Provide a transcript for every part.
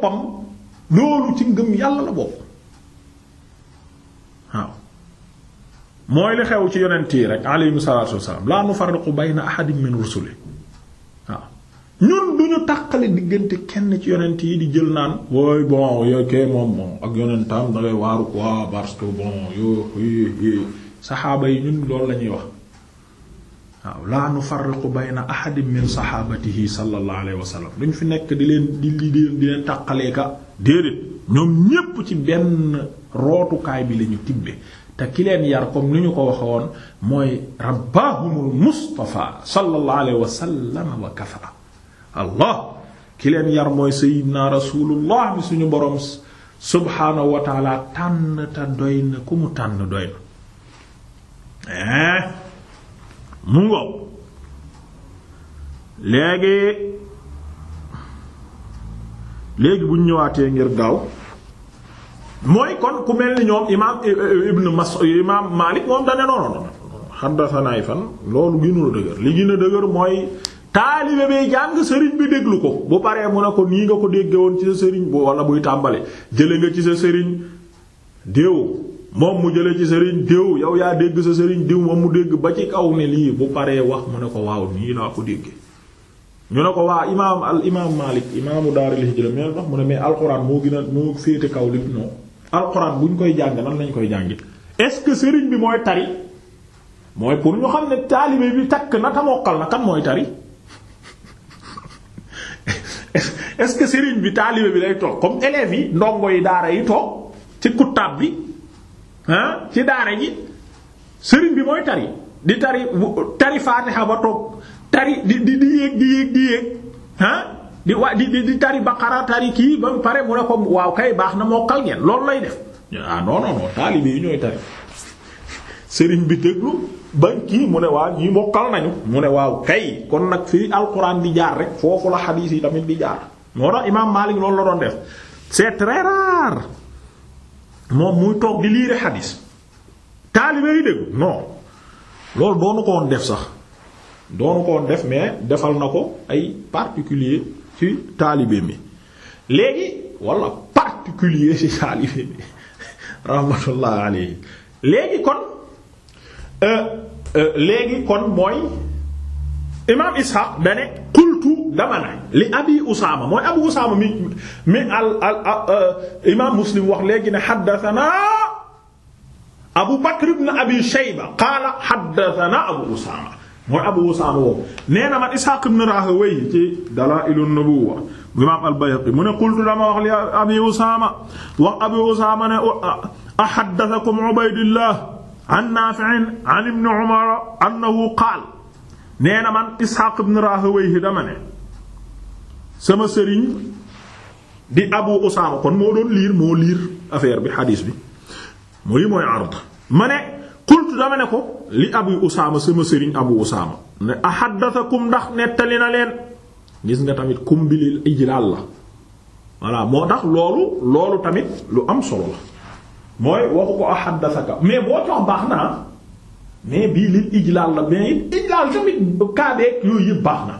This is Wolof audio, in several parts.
boppam loolu ci ngëm yàlla la bopp waaw mooy li xew ci yonent yi rek alayhi salaatu wassalaam laa nufarriqu bayna ahadin min rusuli waaw ñun du ñu tàqale diggante kenn ci yonent yi di jël naan wooy bon yo kay moom bon ak yonentam da ngay waaru quoi parce que bon yo saxaaba yi ñun loolu la ñuy wax waaw laa nufarriqu bayna ahadin min saxaabatihi sallallahu alayhi wa sallam duñ fi nekk di leen di di di leen tàqaleeka déedéet ñoom ñépp ci benn rootukaay bi lañu tibbe te ki leen yar comme ni ñu ko waxoon mooy rabbaahumul mustafa sallallahu alayhi wa sallam wa allah ki leen yar mooy sayyidina rasulullah mi suñu boroom subhaanahu wa taala tànn te doy na ku mu tànn doy na eh? mu ngoog léegi léegi bu ñu ñëwaatee ngir gaaw mooy kon ku mel ni ñoom imaam eh, eh, Ibn Mas'ud imaam Maalik moom dane noonu noonu fan loolu gënul dëgër li gën a dëgër mooy taalibe bee jàng sëriñ bi déglu ko bu paree mu ne ko nii nga ko dégge ci sa sëriñ bu wala buy tàmbali jële nga ci sa sëriñ déew moom mu jëlee ci sëriñ diw yow yaa dégg sa sëriñ diw moom mu dégg ba ci kaw ne lii bu paree wax mu ne ko waaw nii laa ko déggee ñu ne ko waa imaam al imaam Maalik imaamu daaril hijra mu ne tax mu ne mais alxuraan moo gën a moo féete kaw li non alxuraan bu ñu koy jàng nan lañ koy jàngi est-ce que sëriñ bi mooy tari mooy pour ñu xam ne taalibe bi takk na ta mokkal na kan mooy tari est-ce que sëriñ bi taalibe bi lay toog comme élèves yi ndongo yi daara yi toog ci kuttaab bi ah ci daara ji sëriñ bi mooy tari di tari tari faatiha ba toog tari di di di yéeg di yéeg di di di tari baqara tari kii ba pare mu ne ko waaw kay baax na mokkal ngeen loolu lay def ah non non non ñooy tari sëriñ bi déglu ba kii mu ne waaw ñii mokkal nañu mu ne waaw kay kon nag fi alxuraan di jaar rek foofu la xadiis yi tamit di jaar moo tax imaam Maalik loolu la doon def c'est très moom muy toog di liire xadiis taalibe yi déggu non loolu doonu ko woon def sax doonu ko woon def mais defal na ko ay particulier ci taalibe mi léegi wala particulier ci taalibe mi rahmatullah alayhi léegi kon euh, euh, léegi kon mooy imaam Ishaq dane qultu dama ne li abi usaama mooy abu usaama mi mi al al imaam muslim wax léegi ne xaddatana abu bakr ibn abi shayba qaala xaddatana abu usaama mooy abu usaama woowu nee na man isxaaq ibn rahawayh ci dalaa'ilu nubuwwa imaam al bayhaqi mu ne qultu dama wax li abi usaama wax abi usaama ne axaddathakum ubaydullah an naafi'in an ibn umar annahu qaala nee na man Isxaaq ibn Rahawayhi dama ne sama sëriñ di Abu Usaama kon moo doon liir moo liir affaire bi xadiis bi muy mooy ard ma ne qultu dama ne ko li Abu Usaama sama sëriñ Abu Usaama ne ahaddathakum ndax nettali na leen gis nga tamit kum bi lil ijlaal la voilà moo tax loolu loolu tamit lu am solo la mooy waxu ko ahaddathaka mais boo tax baax naa mais bii lil ijlaal la mais it ijlaal tamit kaabeeg yooyu yëpp baax na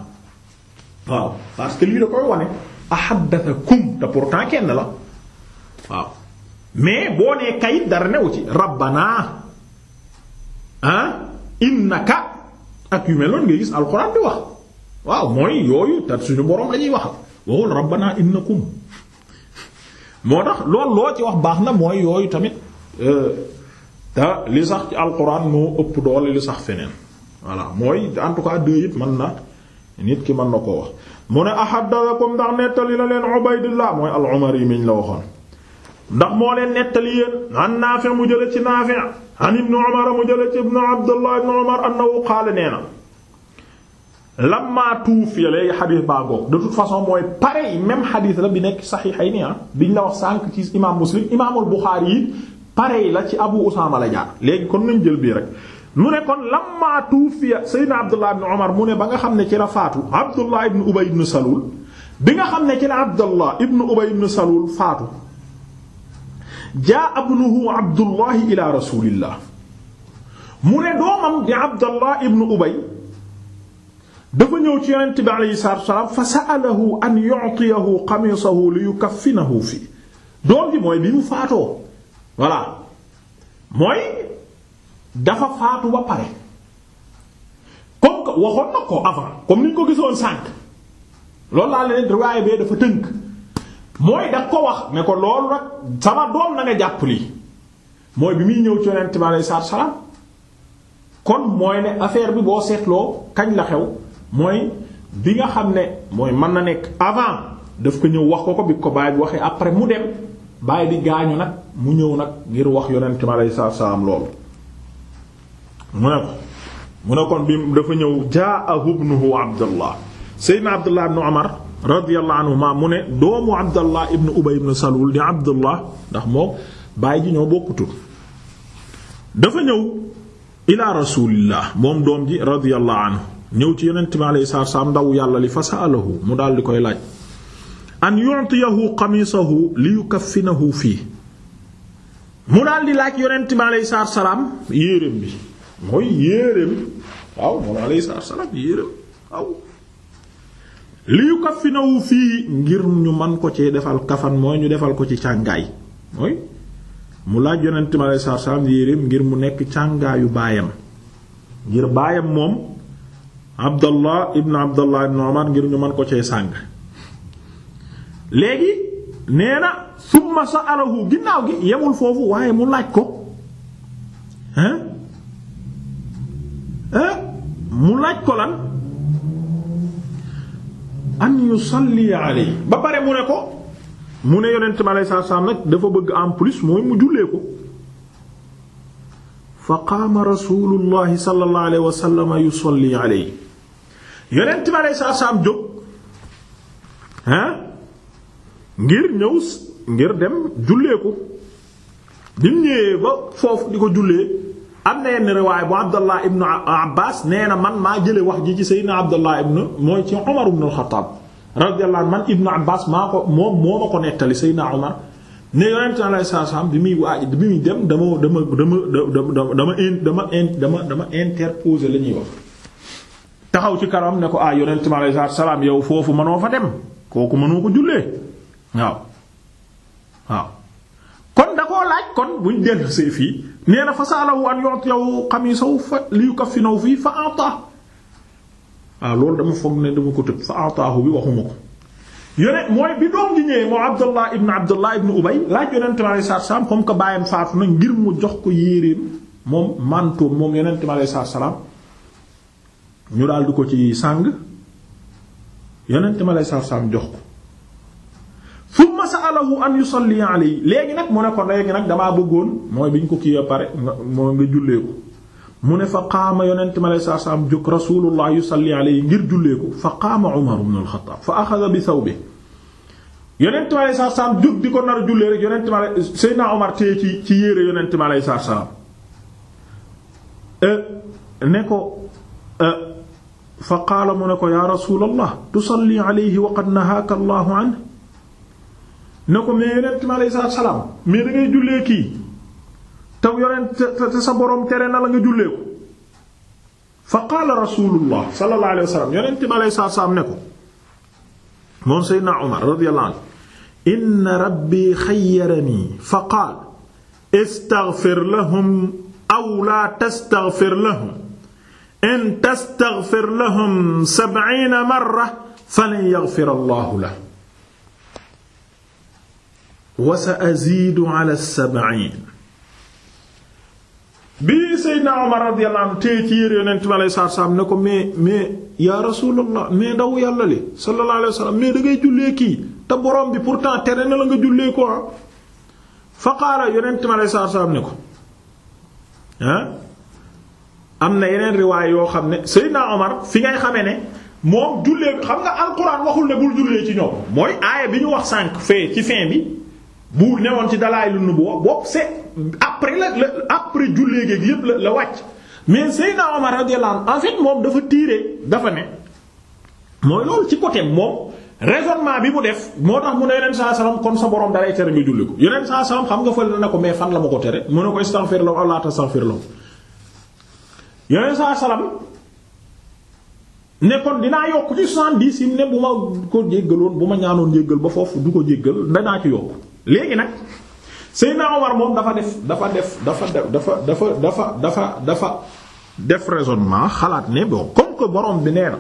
waaw parce que lii da koy wane ahaddathakum te pourtant kenn la waaw mais boo nee kayit dara new ci rabbanaa ah innaka ak yu mel noonu ngay gis alxuraan bi wax waaw mooy yooyu te suñu boroom la ñuy wax waxul rabbanaa innakum moo tax loolu loo ci wax baax na mooy yooyu tamit euh, ah li sax ci alquran moo ëpp doole li sax feneen voilà mooy en tout cas deux mën na nit ki mën na koo wax mu ne ahadalakum ndax nettali la leen Ubaydullah mooy al-Umari miñ la waxoon ndax moo leen nettali yéen an Naafi mu jële ci Naafi an ibnu Umar mu jële ci ibnu Abdullah ibnu Umar annahu nee na lamma tuufiya léegi xadis baa goog de toute façon mooy pareil même xadis la bi nekk saxiixayni ah biñ la wax sànq ci imaam Muslim imaamul Buxaari yi pareil la ci abu usaama la jaar léegi kon nañ jël bii rek mu ne kon lamma tuufiya sayyidina abdullah ibn nga xam ne ci la faatu abdullah ibn ubay ibn salul bi nga xam ne ci la abdullah ibn ubay ibn salul faatu jaa abnuhu abdullahi ila rasulillah mu ne doomam di abdullah ibn ubay dafa ñëw ci yonent bi alayhi salaatu wasalaam fa sa'alahu an yu'tiyahu qamiisahu li yukaffinahu fi doom bi mooy bi mu faatoo voilà mooy dafa faatu ba pare comme que waxoon na ko avant comme ni ñu ko gisoon sànq loolu laa leen riwaay bee dafa tënk mooy da ko wax ne ko loolu nag sama doom na jàpp lii mooy bi muy ñëw ci yonent bi aleyhi salaatu kon mooy ne affaire bi boo seetloo kañ la xew mooy bi nga xam ne mooy mën na nekk avant daf ko ñëw wax ko ko bi ko baay bi waxee après mu dem. bàyyi di gaañu nag mu ñëw nag ngir wax yonent mi aleyhi salaatu salaam loolu mu ne ko mu ne kon bi dafa ñëw jaahu ibnuhu abdullah seydna abdullah ibnu omar radiyallahu anhuma mu ne doomu abdullah ibnu ubay ibnu salul di abdullah ndax moom baay ji ñoo bokkutul dafa ñëw ila rasulillah moom doom ji radiyallahu ñëw ci yonent mi aleyhi salaatu salaam ndaw yàlla li fa sa'alahu mu daal di koy laaj an yu'tiyahu qamisahu li yukaffinahu fii mu daal di laaj yonent bi aleyhi salaam yéeréem bi mooy yéeréem waaw moom aleyhi salaam yéeréem waaw li yukaffinahu fii ngir ñu man ko ci defal kafan mooy ñu defal ko ci càngaay mooy mu laaj yonent bi aleyhi salaam yéeréem ngir mu nekk càngaayu baayam ngir baayam moom Abdallah ibn Abdallah ibn Umar ngir ñu man ko ci sàng léegi nee na summa sa'alahu ginnaaw gi yemul foofu waaye mu laaj ko hein mu laaj ko lan an yusalli alayhi ba pare mu ne ko mu ne yonent ma lay saa saa nag dafa bëgg en plus mooy mu jullee ko fa qaama rasulullahi sallallahu alayhi wa sallam yusalli alayhi yonent ma lay saa saa jóg ngir ñëw ngir dem julleeku bi mu ñëwee ba foofu di ko jullee am na yenn riwaay bu Abdallah ibnu Abbas nee na man maa jële wax ji ci Seydina Abdallah ibnu mooy ci Umar ibnu al-Xattaab radiyallahu man ibnu Abbas maa ko moom moo ma ko nettali Seydina Umar ne Yonent bi muy waaj bi dama dama dama dama dama dama dama dama interposer wax. taxaw ci karam ne ko ah Yonent sallallahu alayhi yow foofu mënoo fa dem kooku mënoo ko jullee. waaw waaw kon da koo laaj kon buñ dellu see fii nee na fasaalahu an yu'tiyahu qamisahu fa li yukaffinahu fii fa ata waaw loolu dama foog ne dama ko tëb fa ataahu bi waxuma ko yone mooy bi doom ji ñëwee moom abdullah ibn abdullah ibn ubay laaj yonente mi alei satu salaam comme bàyyam faatu na ngir mu jox ko yéreem moom mantoom moom yonente mi alei satu ñu daal di ko ci sàng yonente mi alei satu salaam jox ko summa sa'alahu an yusalli alayhi léegi nag mu ne ko léegi nag damaa bëggoon mooy bi ñu ko kii a pare moo nga jullee mu ne fa qaama yonent mi alayhi salaatu salaam jóg ngir jullee ko fa qaama Umar ibn al di ko nar a jullee rek yonent mi alayhi Seydina Omar téye ci ci yére yonent mi alayhi salaatu salaam eh, ne ko eh, fa qaala mu ne ko yaa rasulallah tusalli alayhi wa qad nahaaka Allahu anhu ne ko mais yonent mi aleyhi salaatu salaam mais da ngay jullee kii taw yonent te sa borom tere na la nga jullee ko fa qaala rasulullah sallallahu alayhi wa sallam yonent mi aleyhi salaatu salaam ne ko moom Seydina Omar radiyallahu anhu inna rabbi xayyarani fa qaala istaghfir lahum aw laa tastaghfir lahum in tastaghfir lahum sab'iina marratan falan yaghfira Allahu lahum wa sa azidu ala sab'in bi Seydina Omar radiyallahu anhu tey ci yére yonent mi alayhi salaatu salaam ne ko mais mais yaa rasulallah mais daw yàlla li sallallahu alayhi wa sallam mais da ngay jullee kii te borom bi pourtant tere na la nga jullee ko ah. fa qaala yonent ah? am na yeneen riwaay yoo xam ne Seydina Omar fi ngay xamee ne moom jullee xam nga alquran waxul ne bul jullee ci ñoom mooy aaya bi ñu wax sànq fee ci fin bi. bu newoon ci dalaay lu nubuwa boobu c'est après la la après jullee géeg yépp la la wàcc mais Seydina Omar radiyallahu anhu en fait moom dafa tiire dafa ne mooy loolu ci côté moom raisonnement bi mu def moo tax mu ne yonent saa salaam kon sa borom dalay tere nga julli ko yonent xam nga fële na ko mais fan la ma ko tere mu ne ko istaghfir lahu Allah tastaghfir lahu yonent saa dinaa yokk ci 70 yi ne bu ma ko jéggaloon bu ma ñaanoon jéggal ba foofu du ko jéggal danaa ci yokk. léegi nag Seydina Omar moom dafa def dafa def dafa def dafa dafa dafa dafa dafa def raisonnement xalaat ne bon comme que borom bi nee na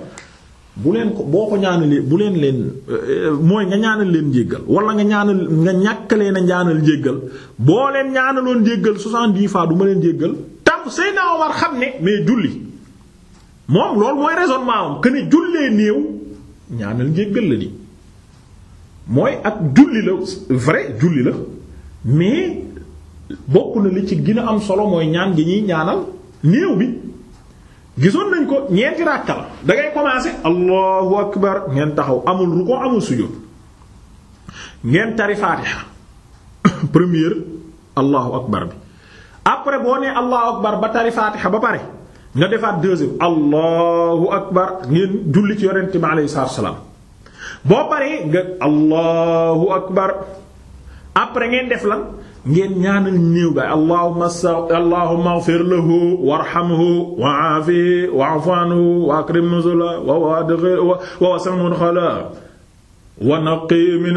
bu leen ko boo ko ñaanalee bu leen leen euh, mooy nga ñaanal leen jéggal wala nga ñaanal nga ñàkk leen a ñaanal jéggal boo leen ñaanaloon jéggal soixante-dix fois du ma leen jéggal tam Seydina Omar xam ne mais julli moom loolu mooy raisonnement am que jullee néew ñaanal jéggal la di mooy ak julli la vrai julli la mais bokk na li ci gën am solo mooy ñaan gi ñuy ñaanal néew bi gisoon nañ ko ñeenti ràkk la da ngay commencer allahu akbar ngeen taxaw amul ruko amul sujjóot ngeen tari faatiha première allahu akbar bi après boo nee allahu akbar ba tari faatiha ba pare nga defaat deuxième allahu akbar ngeen julli ci yonent bi alayhi salaatu wa salaam boo paree nga allahu akbar après ngeen def lan ngeen ñaanal néew baay allahumma allahumma ighfir lahu warhamhu wa aafihi wa'fu anhu wa akrim nuzulahu wa wasi' mudkhalahu wa naqqi min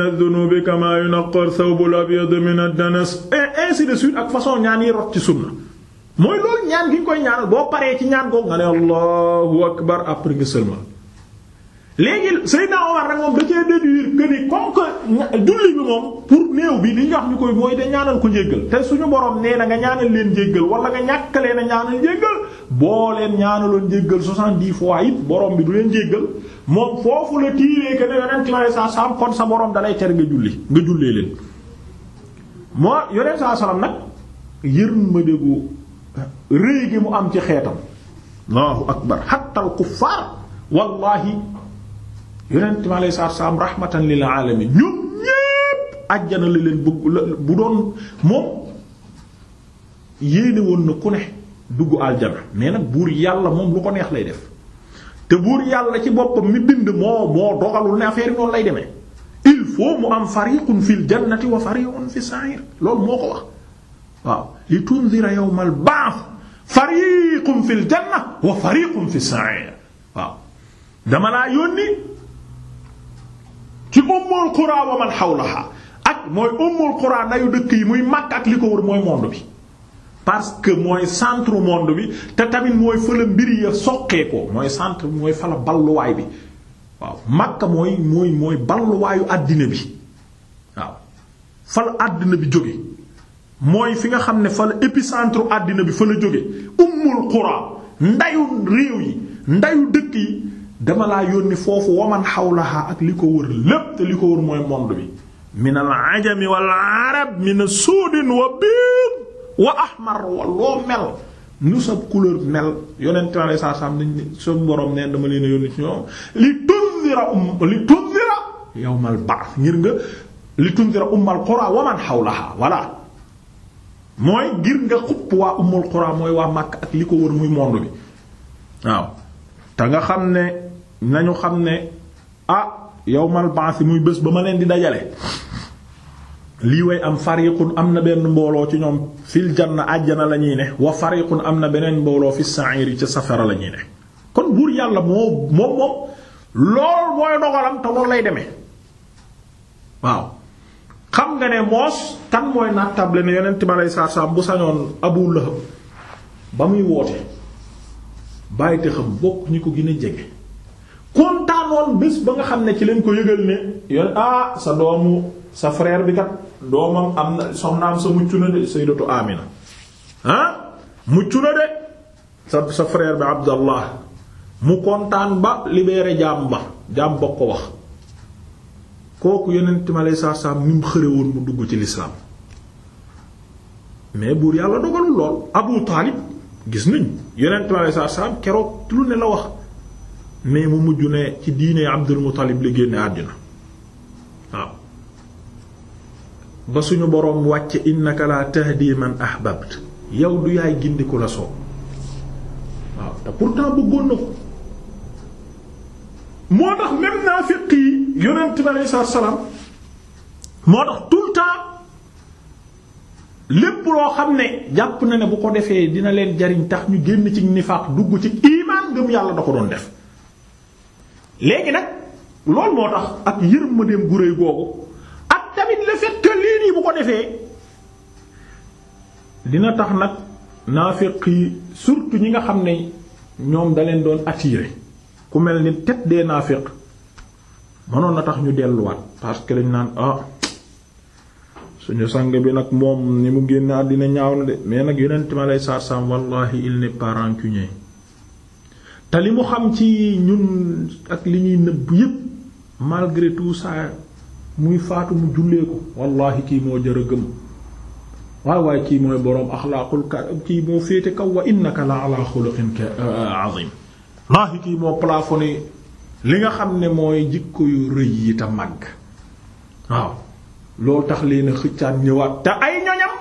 min ad ak façon ñaan yi rot ci sunna mooy loolu ñaan gi ñu koy ñaanal boo paree ci ñaan googu nga ne allahu akbar après nga sëlma léegi Seydina Omar rek moom da cee déduire que ni comme que julli bi moom pour néew bi li ñu ñu koy mooy da ñaanal ko njéggal te suñu borom nee na nga ñaanal leen njéggal wala nga ñàkk leen a ñaanal njéggal boo leen ñaanaloon njéggal soixante-dix fois it borom bi du leen jéggal moom foofu la tiiree que ne yonent sallallahu alayhi wasallam kon sa borom dalay tere nga julli nga jullee leen. moo yonent sallallahu alayhi nag yërmande gu rëy gi mu am ci xeetam Allahu akbar hatta al yonent mi alayhi salaatu salaam rahmatan lil alamin ñun ñépp àjjana la leen bëgg bu doon moom yéene woon na ku ne dugg aljana mais nag buur yàlla moom lu ko neex lay def te buur yàlla ci boppam mi bind moo moo dogalul ne affaire noonu lay demee il faut mu am fariqun fil jannati wa fariqun fis sa'ir loolu moo ko wax waaw dama laa yónni ci ummul qura wa man hawlaha ak mooy ummul qura dayu dëkk yi muy màkk ak li ko wër mooy monde bi parce que mooy centre monde bi te tamit mooy fëla mooy centre mooy fala balluwaay bi waaw màkka mooy mooy mooy balluwaayu àddina bi waaw fala àddina bi jóge mooy fi nga xam ne fala épicentre àddina bi fa la jóge ummul qura ndayu réew yi ndayu dëkk yi dama laa yónni foofu waman xawlaha ak li ko wër lépp te li ko wër mooy monde bi min ajami wal arab min suudin wa biid wa ahmar wa loo mel nu sa couleur mel yonent ma lay saa saam dañ sa borom li tundira um li tundira yawmal ba'th ngir nga li tundira ummal qura waman xawlaha walla mooy ngir nga xupp waa ummul qura mooy waa Makka ak li ko wër muy monde bi waaw te nga xam ne nañu xam ne ah yawmal ba's muy bés ba ma leen di dajale lii way am fariqun am na benn mbooloo ci ñoom fil na àjjana la ñuy ne wa fariqun am na beneen mbooloo fi sa'iri ca safara la ne kon buur yàlla moo moom moom lool mooy dogalam te loolu lay demee waaw nga ne moos kan mooy nattable ne yonent ma lay bu sañoon Abu Lahab ba muy woote bàyyite xam bokk ñi ko gën a jege kontaanoon bés ba nga xam ne ci leen ko yëgal ne yoon ah sa doomu sa frère bi kat doomam am na soxnaam sa mucc na de sa sa frère bi Abdallah mu kontaan ba libéré jaam ba jaam ba ko wax kooku yonent mi alayhi salaatu salaam ni mu xëre mu dugg ci lislaam mais buur yàlla dogalul lool Abu Taalib gis nañ yonent mi alayhi salaatu salaam keroog lu ne la wax mais mu mujj ne ci diine Abdul Muttalib la génne àddina waaw ba suñu boroom wàcce innaka la tahdi man ahbabt yow du yaay gindi ku la soob waaw te pour bëggoon na ko moo tax même naafiq yi yonent bi aleyhi salaatu salaam moo tax tout le temps lépp loo xam ne jàpp na ne bu ko defee dina leen jariñ tax ñu génn ci nifaaq dugg ci iimaan gëm yàlla da ko doon def léegi nag loolu moo tax ak yërmandeem gu rëy googu ak tamit le fait lii nii bu ko defee dina tax nag naafiq yi surtout ñi nga xam ne ñoom da leen doon attirer ku mel ni tête des naafiq mënoon na tax ñu delluwaat parce que dañ naan ah suñu sang bi nag moom ni mu génn àddina ñaaw na de mais nag yonent ma lay saar sam wallahi il n'est pas rancunier te li mu xam ci ñun ak li ñuy nëbb yépp malgré tout ça muy faatu mu jullee ko wallahi kii moo jër a gëm waaw waaye kii mooy boroom axlaaqul ka kii moo féete kaw wa innaka la ala xuluqin azim maahi kii moo plafonné li nga xam ne mooy jikko yu rëy yi te màgg waaw loolu tax leen a xëccaat ñëwaat te ay ñoñam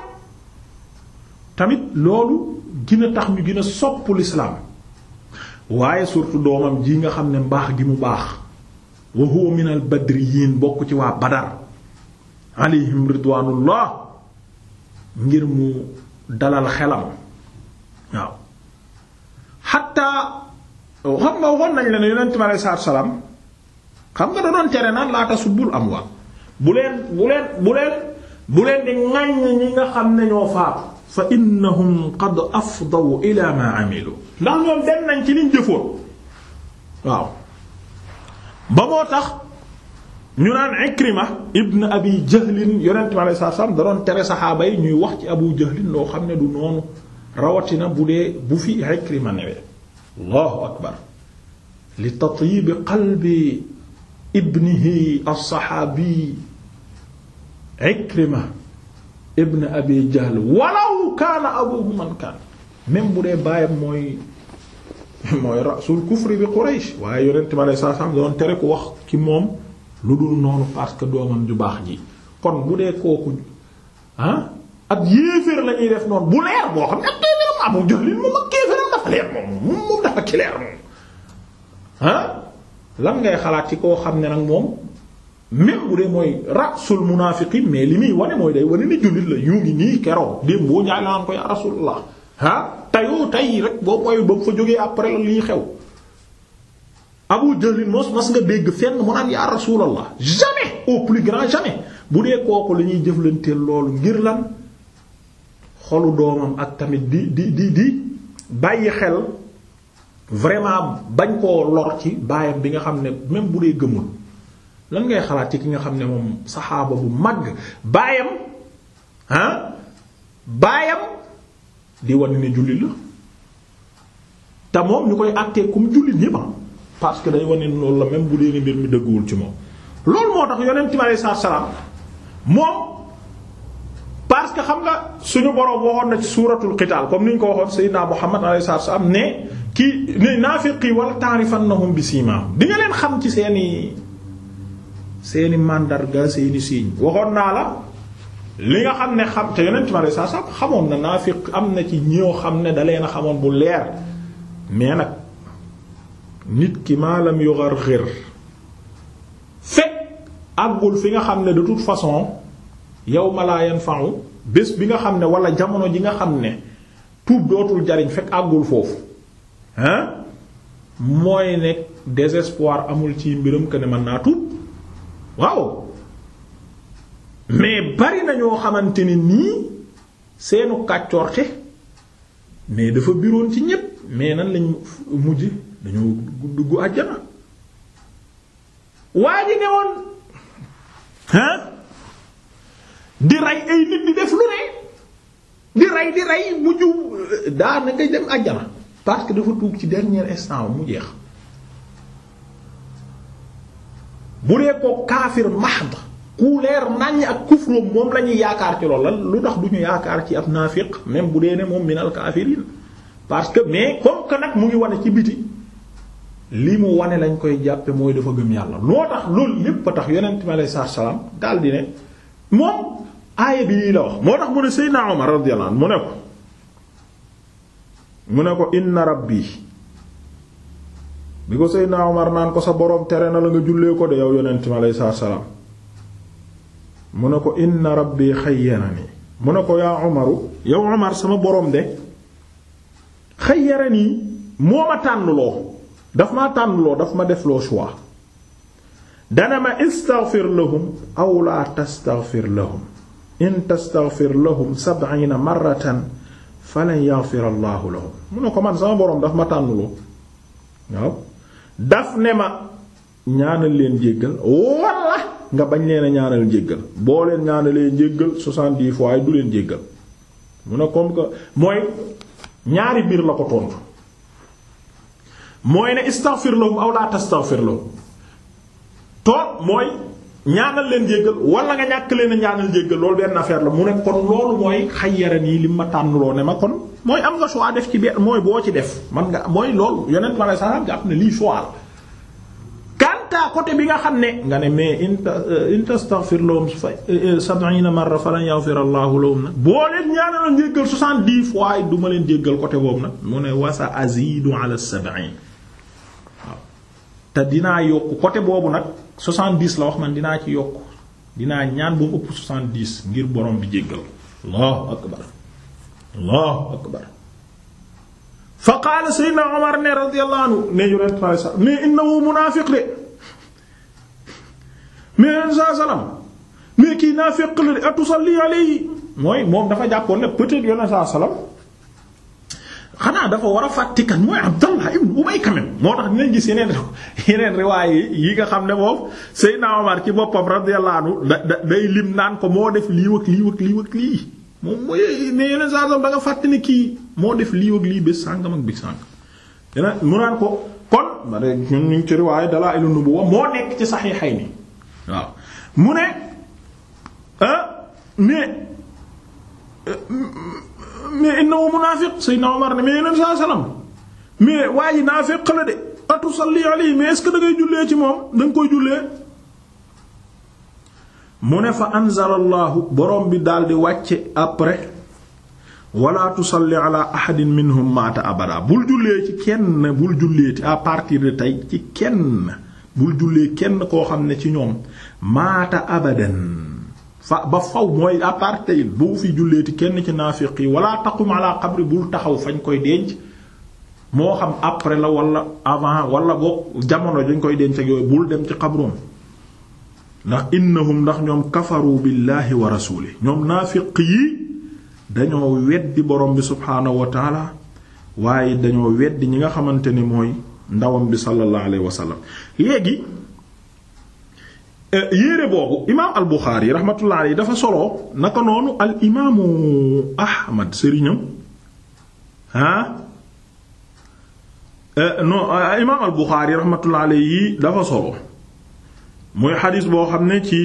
tamit loolu gën a tax ñu gën a sopp l'islam waaye surtout doomam ji nga xam ne mbaax gi mu baax wa huwa minal badriyin bokk ci waa badar alayhim ridwanullah ngir mu dalal xelam waaw xatta xam nga waxoon nañ la ne yonent mi salaam xam nga da doon tere naan laa am amwaat bu leen bu leen bu leen bu leen di ŋaññi ñi nga xam ne ñoo faatu fa innahum qad afdaw ila ma amilu ndax ñoom dem ci liñ jëfoon ba moo tax ñu naan Ikrima ibn Abi Jahlin yonent bi alayhi salaam da doon tere saxaaba yi ñuy wax ci Abu Jahlin loo xam ne du noonu rawatina fi Ikrima newee Allahu akbar li tatyib qalbi ibnihi as-saxaabi Ikrima ibn Abi Jahl walaw walaw kaana abuhu man kaan même bu dee baayam mooy mooy rasul kufri bi Quraysh waaye yonent ma ne saa sam doon tere ku wax ci moom lu dul noonu parce que doomam ju baax ji kon bu dee kooku ah ab yéeféer la ñuy def noonu bu leer boo xam ne ab kéeféeram amul jëlin moom ak kéeféeram dafa leer moom moom moom dafa ci leer moom ah lan ngay xalaat ci koo xam ne nag moom même bu dee mooy rasul munaafiqiin mais li muy wane mooy day wane ni jullit la yu ngi nii keroog démb boo jaay la ko ya rasulullah ah boo mooy ba mu fa jógee après la lii xew. Abu Jahl mos mas nga dégg fenn mu naan ya rasulullah jamais bu dee la ñuy jëflanteel loolu ngir lan xolu doomam ak tamit di di di di bàyyi xel vraiment bañ koo ci baayam bi nga xam ne même bu dee gëmul. lan ngay xalaat ci ki nga xam ne moom saxaaba bu mag baayam ah baayam di wane ne jullit la te moom ñu koy àttee comme jullit ñépp ah, parce que day wane loolu la même bu dee ni mbir mi dëgguwul ci moom. loolu moo tax yonent bi salaam moom parce que xam nga suñu borom waxoon na ci suuratul xitaal comme ni ñu ko waxoon Seydina Muhammad alayhi salaatu salaam ne kii ne naafiqi wala ta'rifannahum bi siimaahum di nga leen xam ci seeni seeni màndarga seeni signe waxoon naa la li nga xam ne xam te yonent ma saa saa xamoon na naafiq am na ci ñëw xam ne da leen a xamoon bu leer mais nag nit ki maalam yu xar fekk àggul fi nga xam ne de toute façon yow ma laa yan fangu bés bi nga xam ne wala jamono ji nga xam ne tuub dootul jariñ fekk àggul foofu hein mooy nekk désespoir amul ci mbiram que ne mën naa tuub waaw mais bari na ñoo xamante ni nii seenu kàccoorte mais dafa biroon ci ñépp mais nan lañ mujj dañoo dugg àjjana waa ji ne woon hein di rey ay nit di def lu ne di rey di rey mujj daanaka dem àjjana parce que dafa tuug ci dernier instant mu jeex bu dee ko kaafir mahd ku leer naññ ak kufroom moom la yaakaar ci loolu la lu tax du ñu yaakaar ci ab naafiq même bu dee ne moom minal kaafiriin parce que mais comme que nag mu ngi wane ci biti li mu wane lañ koy jàppe mooy dafa gëm yàlla loo tax loolu lépp a tax yonent mi alayhi salaam daal ne moom aaya bi lii la wax moo tax mu ne Seydina Omar radiyallahu anhu mu ne ko mu ne ko inna rabbi bi ko Seydina Omar naan ko sa boroom tere na la nga jullee ko de yow yonent mi mu ne ko inna rabbi xayyarani mu ne ko yaa Omaru yow Omar sama boroom de xëy moo ma tànnloo daf ma tànnloo dafa ma def loo choix dana ma istaghfir lahum aw laa tastaghfir lahum in tastaghfir lahum sab'iina marratan falan yaghfir Allahu lahum ma tànnloo waaw daf ne ma ñaanal leen jéggal walla nga bañ leen a ñaanal jéggal boo leen ñaanalee jéggal soixante-dix fois du leen jéggal mu ne comme que mooy ñaari biir la ko tontu mooy ne istaghfir lahum aw la tastaghfir lahum toog mooy ñaanal leen jéggal wala nga ñàkk leen a ñaanal jéggal loolu benn affaire la mu ne kon loolu mooy xayyarani li ma tànnuloo ne ma kon mooy am nga choix def ci biir mooy boo ci def man nga mooy loolu yonent ma lay sax jàpp ne lii choix la. quant à côté bi nga xam ne nga ne mais in euh, tastaghfir lahum euh, sab'iina marra falan yaghfir Allahu lahum na boo leen ñaanal njéggal soixante-dix fois du ma leen jéggal côté boobu nag mu ne wasa azidu ala sab'iin waaw te dinaa yokk côté boobu nag soixante-dix la wax man dinaa ci yokk dinaa ñaan bu mu ëpp soixante-dix ngir borom bi jéggal Allahu akbar allahu akbar fa qaala na omar ne radiyallahu anhu ne yonent bi salaam ne innahu munaafiq de mais yonent bi salaam mais kii naafiq la de atusalli yi mooy moom dafa jàppoon ne peut-être yonent salaam xanaa dafa war a fàtti kan mooy Abdallah ibn Ubay quand moo tax dinañ gis yeneen yeneen riwaay yi nga xam ne moom na omar ci boppam radiyallahu da da day lim naan ko moo def lii wëkk lii wëkk lii moom mooy ne yeneen saa da nga fàtte ne kii moo def lii ak lii bés sàngam ak bés sàngam. dina mu ko kon ma ne ñun ñu ngi ci riwaaya Dalaa'ilun Nubuwwa moo nekk ci Sahihayni waaw mu ne ah mais mais innahu munaafiq Seydina Omar ne mais yeneen saa salaam mais waaye naafiq la de atusalli alayhi mais est-ce que da jullee ci moom da koy jullee. mu ne fa anzalallahu borom bi di wàcce après wala tusalli ala ahadin minhum maata abada bul jullee ci kenn bul julleeti à partir de tey ci kenn bul jullee kenn koo xam ne ci ñoom maata abadan fa ba faw mooy à bu fi julleeti kenn ci naafiq yi wala taqum ala qabri bul taxaw fañ koy denc moo xam après la wala avant wala boog jamono jañ koy denc ak bul dem ci xabroom ndax innahum ndax ñoom kafaru billahi wa rasuli ñoom naafiq yi dañoo weddi borom bi subhaanahu wa taala waaye dañoo weddi ñi nga xamante ni mooy ndawam bi sallallahu alayhi wa sallam léegi eh, yéere boobu imaam al buxaari rahmatullah alayhi dafa soloo naka noonu al imaamu ahmad sëriñam ah eh, non imaam al buxaari rahmatullah alayhi dafa soloo muy xadis boo xam ne ci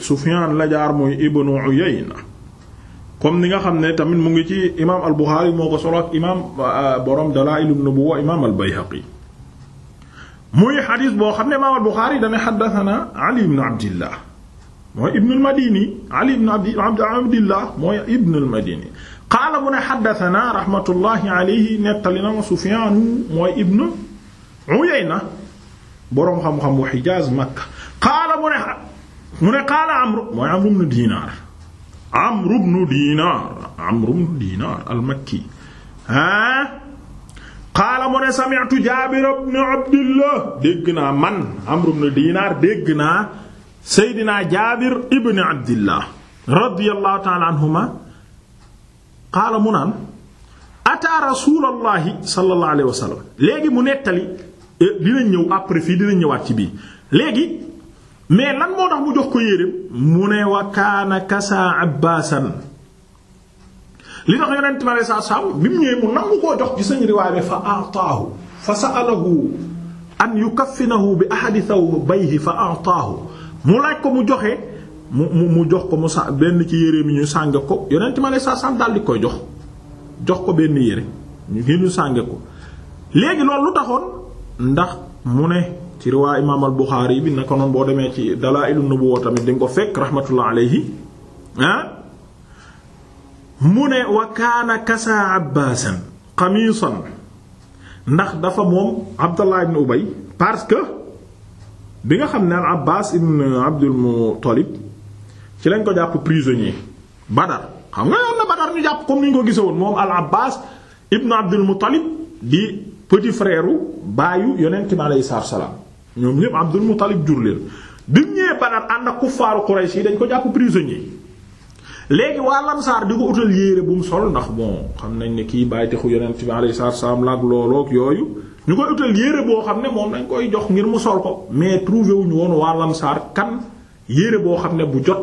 Sufyaan la jaar muy Ibnu Uyayna comme ni nga xam ne tamit mu ngi ci imaam al Buxaari moo ko solo ak imaam euh, borom Dalaa'ilun Nubuwwa imaam al Bayhaqi muy xadis boo xam ne imaam al Buxaari dana xaddasanaa Ali ibn Abdillah mooy Ibn al Madini Ali ibn Abdillah mooy Ibn al Madini qaala mu ne xaddasanaa rahmatullahi alayhi nettali na ma Sufyaan mooy Ibn Uyayna boroom xam-xam bu Hijaaz Makka qaala mu ne mu ne qaala amru mooy amru ibn diinaar amru ibn diinaar amru ibn diinaar al-makki ah qaala mu ne sami'tu jaabir ibn abdillah dégg naa man amru ibn diinaar dégg naa seydinaa jaabir ibn abdillah radiyallahu ta'ala anhuma qaala mu naan ataa rasulallahi sallallahu alayhi wa sallam léegi mu nettali eh, dina ñëw après fii dina ñëwaat ci bii léegi mais lan moo tax mu jox ko yéreem mu ne wa kaana kasa abbaasan li tax yonent ma alayhi salaatu salaam bi mu ñëwee mu nangu koo jox ci sañ riwaay fa ataahu fa sa'alahu an yukaffinahu bi ahadi thawbayhi fa ataahu mu laaj ko mu joxe mu mu jox ko mu sa benn ci yéreem yi ñu sàng ko yonent bi alayhi salaatu salaam daal di koy jox jox ko benn yére ñu génn sàng ko léegi loolu taxoon ndax mu ne ci riwaa imaam al bi naka noonu boo demee ci Dalaa'ilu Nubuwwa tamit di nga ko fekk rahmatullah alayhi ah mu ne wa kaana kasaa abbaasan xamiisan ndax dafa moom Abdallah ibn Ubay parce que bi nga xam ne al Abbaas ibn Abdul Muttalib ci lañ ko jàpp prisonnier Badar xam nga yoon na Badar ñu jàpp comme ni ñu ko gisewoon moom al Abbaas ibn Abdul Muttalib di petit frère u baayu yonent mi alayhi salaam ñoom ñëpp Abdul Muttalib jur leen bi mu ñëwee Badar ànd ak kuffaaru Quraysh yi dañ ko jàpp prisonnier léegi waa Lamsaar di ko utal yéere bu mu sol ndax bon xam nañ ne kii bàyyi texu yonent bi alayhi salaatu salaam laak loolook yooyu ñu koy utal yéere boo xam ne moom dañ koy jox ngir mu sol ko mais trouvé wuñu woon waa Lamsaar kan yéere boo xam ne bu jot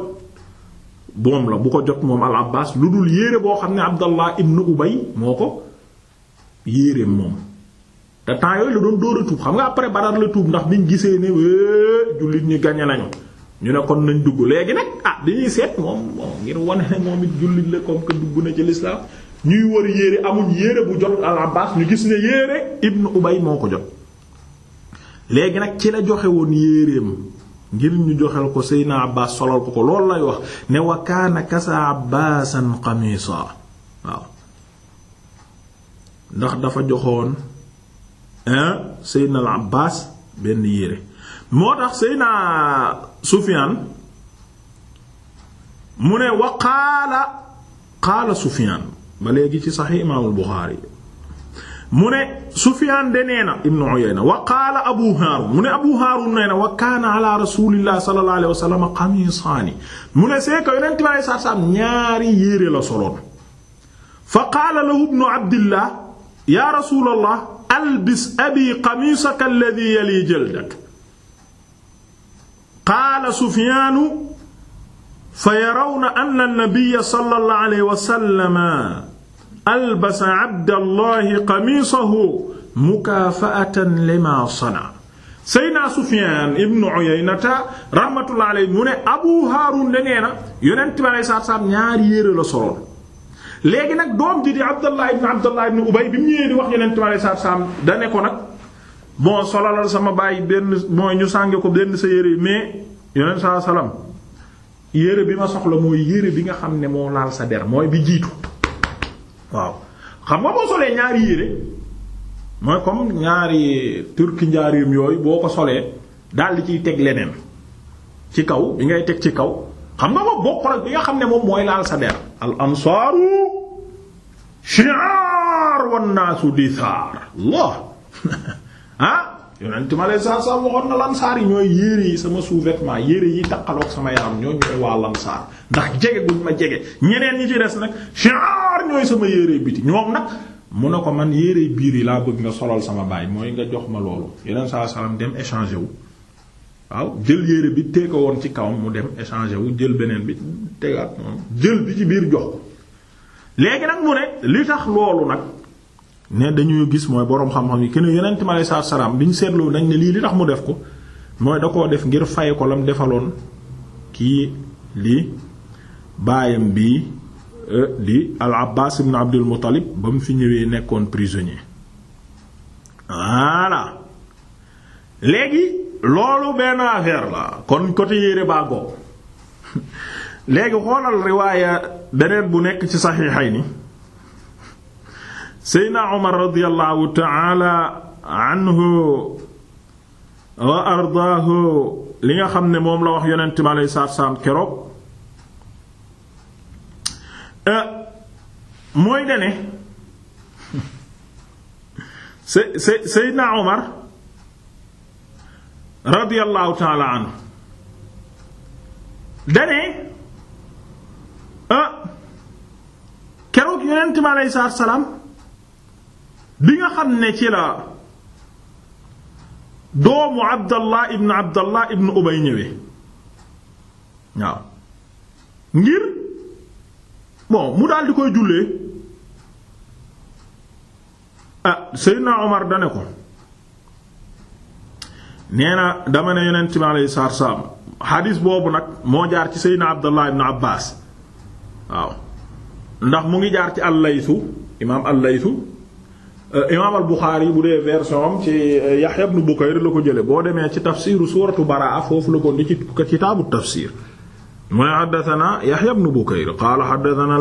boom la bu ko jot moom al Abbaas lu dul yéere boo xam ne Abdallah ibn Ubay moo ko yéereem moom te temps yooyu la doon dóor xam nga après Badar la tuub ndax biñ gisee ne wéé jullit ñi gañe nañu ñu ne kon nañ dugg léegi nag ah dañuy seet moom moom ngir wane ne moom it jullit la comme que dugg na ci l'islam ñuy war yére amuñ yére bu jot al Abbas ñu gis ne yére Ibn Ubay moo ko jot léegi nag ci la joxe woon yéreem ngir ñu joxel ko Seydina Abbas solal ko ko loolu lay wax ne wa kaana kasa Abbasan qamisa waaw ndax dafa joxoon Seydina al Abbaas benn yére moo tax Seydina Sufyaan mu ne wa qaala qaala Sufyaan ba léegi ci Sahih Imaamul Buxaari mu ne Sufyaan de nee na Ibnu Uyayna wa qaala Abu Haarun mu ne Abu Haarun nee na wa kaana ala rasuulillah sallallahu alayhi wa sallam qamiisaani mu ne c'est que Yonent bi alayhi salaatu salaam ñaari yére la soloon fa qaala lahu Ibnu Abdillah yaa Rasuulallah albis abi qamiisaka alladhi yali jildak qaala Sufyaanu fa yarawna anna nabiyya sallallahu alayhi wa sallam albasa abdallahi qamiisahu mukaafa'atan limaa sana'a. Seydina Sufyaan ibnu Uyaynata rahmatullahi alayhi mu ne Abu Haaruun da nee na Yonent bi alayhi salaatu wa salaam ñaari yére la soloon léegi nag doom ji di Abdallah ibn Abdallah ibn Ubay bi mu ñëwee di wax Yonent bi alayhi salaam da ne ko nag moo solalal sama baay benn mooy ñu sàngee ko benn sa yére mais Yonent saa yére bi ma soxla mooy yére bi nga xam ne moo laal sa der mooy bi jiitu waaw xam nga boo solee ñaari yére mooy comme ñaari turki njaarium yooyu boo ko solee daal di ciy teg leneen ci kaw bi ngay teg ci kaw. xam nga ma bokk bi nga xam ne moom mooy laal sa der al ansaaru shi'aar wan naasu disaar Allah ah yonent ma lay saa saa waxoon na lansaar yi ñooy yére yi sama sous yére yi taqaloog sama yaram ñoo ñooy waa lansaar ndax jege guñ ma jege ñeneen ñi ci des nag shi'aar ñooy sama yére biti ñoom nag mu ne ko man yére biir yi laa bëgg nga solal sama baay mooy nga jox ma loolu yeneen saa salaam dem échanger wu. waaw jël yére bi tee woon ci kawam mu dem échanger wu jël beneen bi tegaat moom jël bi ci biir jox ko léegi nag mu ne li tax loolu nag ne dañuy gis mooy boroom xam-xam yi kenn yeneen mi aleyhi salaatu salaam bi ñu seetloo dañ ne lii li tax mu def ko mooy da koo def ngir fay ko lam defaloon kii li baayam bi euh, di al Abbaas ibn Abdul Muttalib ba mu fi ñëwee nekkoon prisonnier voilà léegi loolu benn affaire la kon côté yére baa goobu léegi xoolal riwaaya beneen bu nekk ci saxiixayni seydna Umar radiyallahu taala anhu wa ardaahu li nga xam ne moom la wax yonent bi aleyhi salaatu salaam keroog eh, mooy dene se se seydna Umar radiyallahu taala anhu dane ah, keroog yonent bi aleyhi salaatu salaam bi nga xam ne ci la doomu abdallah ibn abdallah ibn ubay ñëwee ngir bon mu daal di koy jullee ah seydna omar dane ko nee na dama ne yonent bi alayhi salaatu xadiis boobu nag moo jaar ci seydna abdullah ibn abbas waaw ndax mu ngi jaar ci allaytu imaam allaytu euh, imaam al buxaari bu dee version am ci euh, yaxya ibn bukayr la ko jële boo demee ci tafsiru suuratu baraa foofu la ko ndi ci kitaabu tafsir mu ne xaddatanaa yaxya ibn bukayr qaala xaddatanaa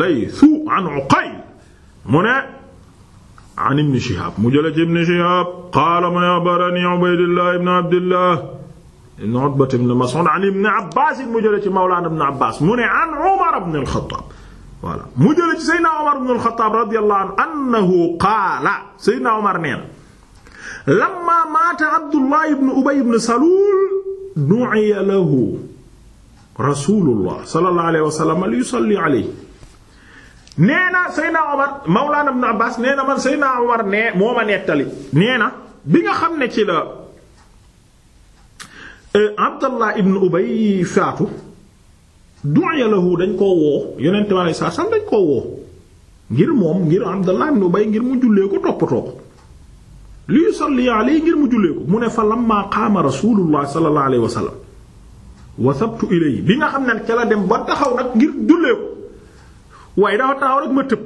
laytu an uqayl mu ne an ibn Shihab mu jële ci ibn Shihab qaala mu ne axbarani Ubaydullah ibn Abdillah ibn Utba ibn Mas'ud an ibn Abbas mu jële ci mawlaana ibn Abbas mu ne an Umar ibn al-Khattab voilà mu jële ci Seydina Umar ibn al-Khattab radiyallahu anhu annahu qaala Seydina Umar nee na lamma maata Abdullah ibn Ubay ibn Salul du'iya lahu Rasulullah sallallahu alayhi wa sallam li yusalli alayhi nee na Seydina Omar Mawlana Ibn Abbas nee na man Seydina Omar nee moo ma nettali nee na bi nga xam ne ci la euh, Abdallah Ibn Ubay faatu du'a dañ koo woo Yonent bi alayhi salaam dañ koo woo ngir moom ngir Abdallah Ibn Ubay ngir mu jullee ko toppatoo ko li yusalli alayhi ngir mu jullee mu ne fa lamma qaama Rasulullah sallallahu alayhi wasabtu ilayhi bi nga xam ne ca la dem ba taxaw nag ngir jullee waaye dafa taxaw rek ma tëb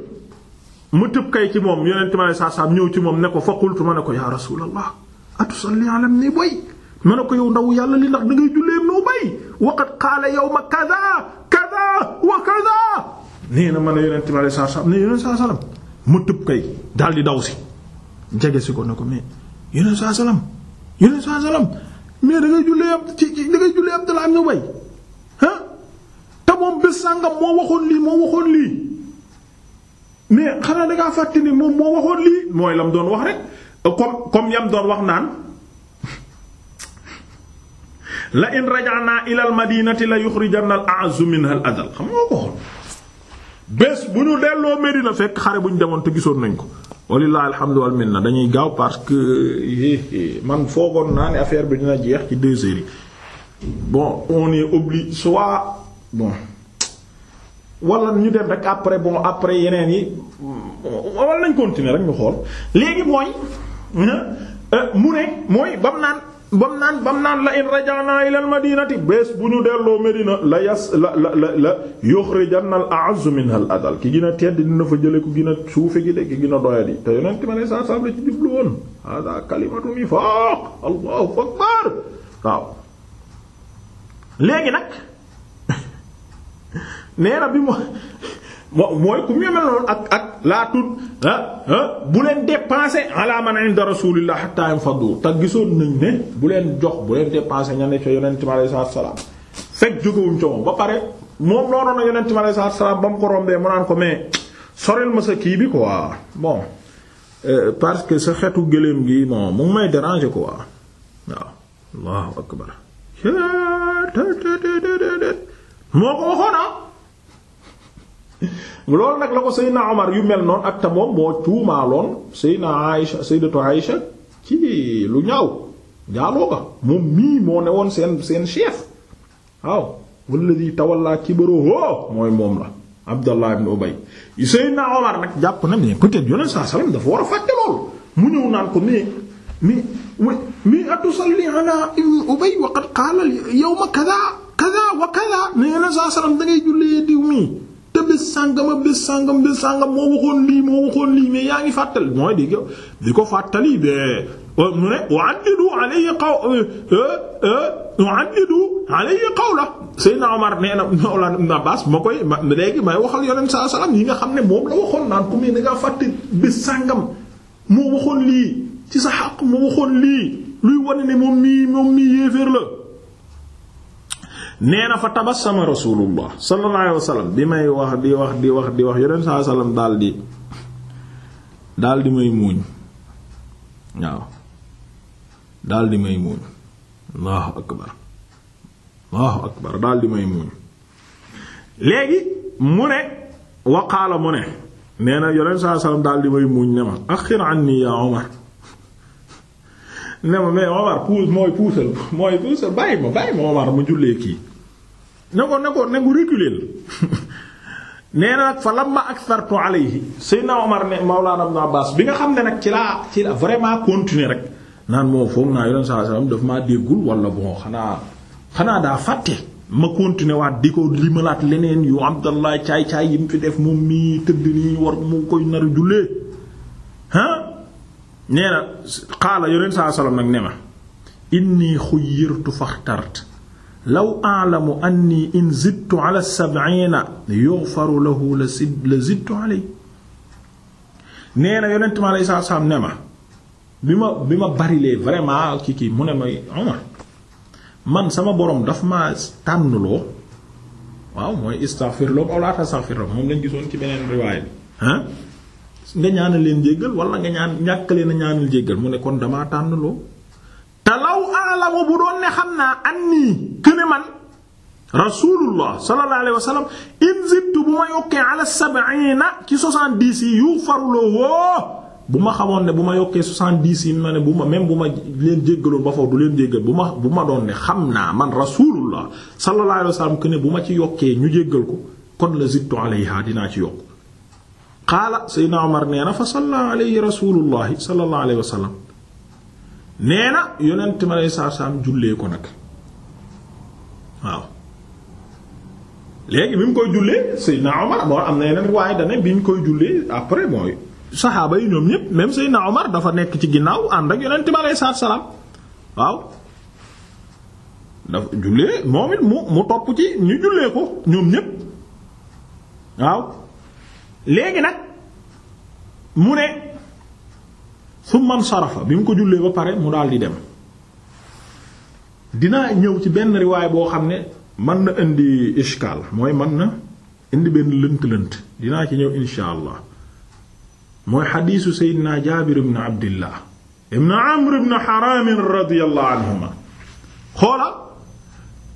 ma tëb kay ci moom yonent ma ne saa saa ñëw ci moom ne ko fa qultu ma ne ko yaa rasuulallah atusalli ala ibni ubay ma ne ko yow ndaw yàlla li ndax da ngay jullee ibnu ubay waqad qaala yawma kaza kaza wa kaza nee na ma ne yonent ma saa saa saa salaam ma tëb kay daal di daw si jege si ko ne ko mais yonent saa salaam yonent saa salaam mais da ngay jullee ci da ngay jullee Abdullah ibnu ubay moom bés sàngam moo waxoon lii moo waxoon lii mais xanaa dangaa fàtte ni moom moo waxoon lii mooy lam doon wax rek comme comme yam doon wax naan la in raja'na ila al madinati la yukhrijanna al al adal xam nga waxoon bés bu ñu delloo Medina fekk xare buñ demoon te gisoon nañ ko walillahi alhamdu wal dañuy gaaw parce que man foogoon naa ne affaire bi dina jeex ci deux heures yi bon on est soit bon wala ñu dem rek après bon après yeneen yi wala nañ continuer rek ñu xool léegi mooy euh, mu ne mooy bam naan bam naan bam naan la in rajaana ila al madinati bés bu ñu delloo Medina la yas la la la la yuxrijanna al a'azzu minha al adal ki gën a tedd dina fa jële ku gën a suufe gi de ki gën a doyadi te yonent ma ne saa la ci jublu woon hada kalimatu mifaaq allahu akbar waaw léegi nag nee na bi mu mooy ku mu yemel ak ak laa tun bu leen dépenser ala man inda rasulillah hatta yanfadu te gisoon nañ ne bu leen jox bu leen dépenser ña ne ca yonent mi alayhi salaatu salaam fekk jógewuñ ca ba pare moom noonu na yonent mi alayhi salaatu salaam ba mu ko rombee mu naan ko mais sorel ma sa kii bi quoi bon euh, parce que sa xetu gëléem gi bon mu may déranger quoi waaw allahu akbar moo ko waxoon ah. loolu nag la ko Seydina Omar yu mel noonu ak ta moo tuumaaloon Seydina Aïcha Sayyidatu Aïcha ci lu ñaaw jaaloo ga moom mii moo ne woon seen seen chef waaw walladhi tawalla kibrahu mooy moom la Abdallah ibn Ubay Seydina Omar nag jàpp na ne peut-être yoneen salaam dafa war a fàtte loolu mu ñëw naan ko mais mais mais atusalli ala ibn Ubay wa qad qaala yawma kaza kaza wa kaza ne yoneen saa salaam da jullee diw mi te bés sàngama bés sàngam moo waxoon lii moo waxoon lii mais yaa ngi fàttali moo di ko di ko fàttali ba euh, mu ne wa'addidu alayhi qaw wa'addidu euh, euh, alayhi qawla Seydina Omar nee na ma koy léegi may waxal yonent saa yi nga xam ne moom la waxoon naan ku mel ne lii sa xaq moo waxoon lii luy wane ne moom mii moom la nee na fa tabassama rasulullah sallallahu alayhi wa sallam di may wax di wax di wax di wax yonent saa sallam daal di daal di may muuñ waaw may muuñ allahu daal di may muuñ léegi mu ne waqaala mu ne nee na yonent saa sallam daal di may muuñ ne ma axir anni ya Umar ne ma mais Omar puus mooy puusal mooy puusal bàyyi ma bàyyi ma Omar mu jullee kii ne ko ne ko ne ko reculer nee na nag fa lamma akthartu alayhi ne Mawlana bi nga xam ne nag ci laa ci vraiment continuer rek naan moo foog naa yoleen saa sallam daf maa déggul wala bon xanaa xanaa daa fàtte ma continuer waat di ko limalaat leneen yu Abdallah caay-caay yi mu fi def moom mii tëdd nii war mu koy naru jullee nee na xaala yonent saa salaam nag ne ma inni xuyyirtu faxtart law a'lamu anni in zidtu ala sab'iina yughfaru lahu la zidtu alay nee na yonent ma lay saa salaam ne ma bi ma bi ma barilee vraiment kii kii mu ne may man sama borom dafa ma tànnloo waaw mooy istaghfir loo aw laa tastaghfir moom lañ gisoon ci beneen riwaay bi nga ñaanal leen jéggal wala nga ñaan ñàkk leen a ñaanal jéggal mu ne kon damaa tànn loo te law alamu bu doon ne xam naa annii këne man rasulullah sallallahu alayhi wa sallam in zittu bu ci 70 yi yu faruloo bu ma xamoon ne bu ma yokkee 70 yi ma ne bu ma même bu ma leen bu ma bu ma doon ne xam naa man rasulullah sallallahu alayhi wa sallam këne bu ma ci yokkee ñu jéggal ko kon la zittu alayha dinaa ci yokk qaala seydna omar nee na fa salla alayhi rasulullahi sallallahu alayhi nee na yonent ma lay saa saam jullee ko nag waaw léegi bi mu koy jullee seydna omar moo am na yeneen waaye dane bi ñu koy jullee après mooy saxaaba yi ñoom ñépp même seydna omar dafa nekk ci ginnaaw ànd ak yonent ma sa saa salaam waaw dafa jullee moom it mu mu topp ci ñu jullee ko ñoom ñépp waaw léegi nag mu ne summan sarafa bi mu ko jullee ba pare mu daal di dem dinaa ñëw ci benn riwaay boo xam ne mën na indi ishkaal mooy mën na indi benn lënt-lënt dinaa ci ñëw insha mooy xadiisu seydina jaabir ibn abdillah ibn amr ibn haram radiyallahu anhuma xoola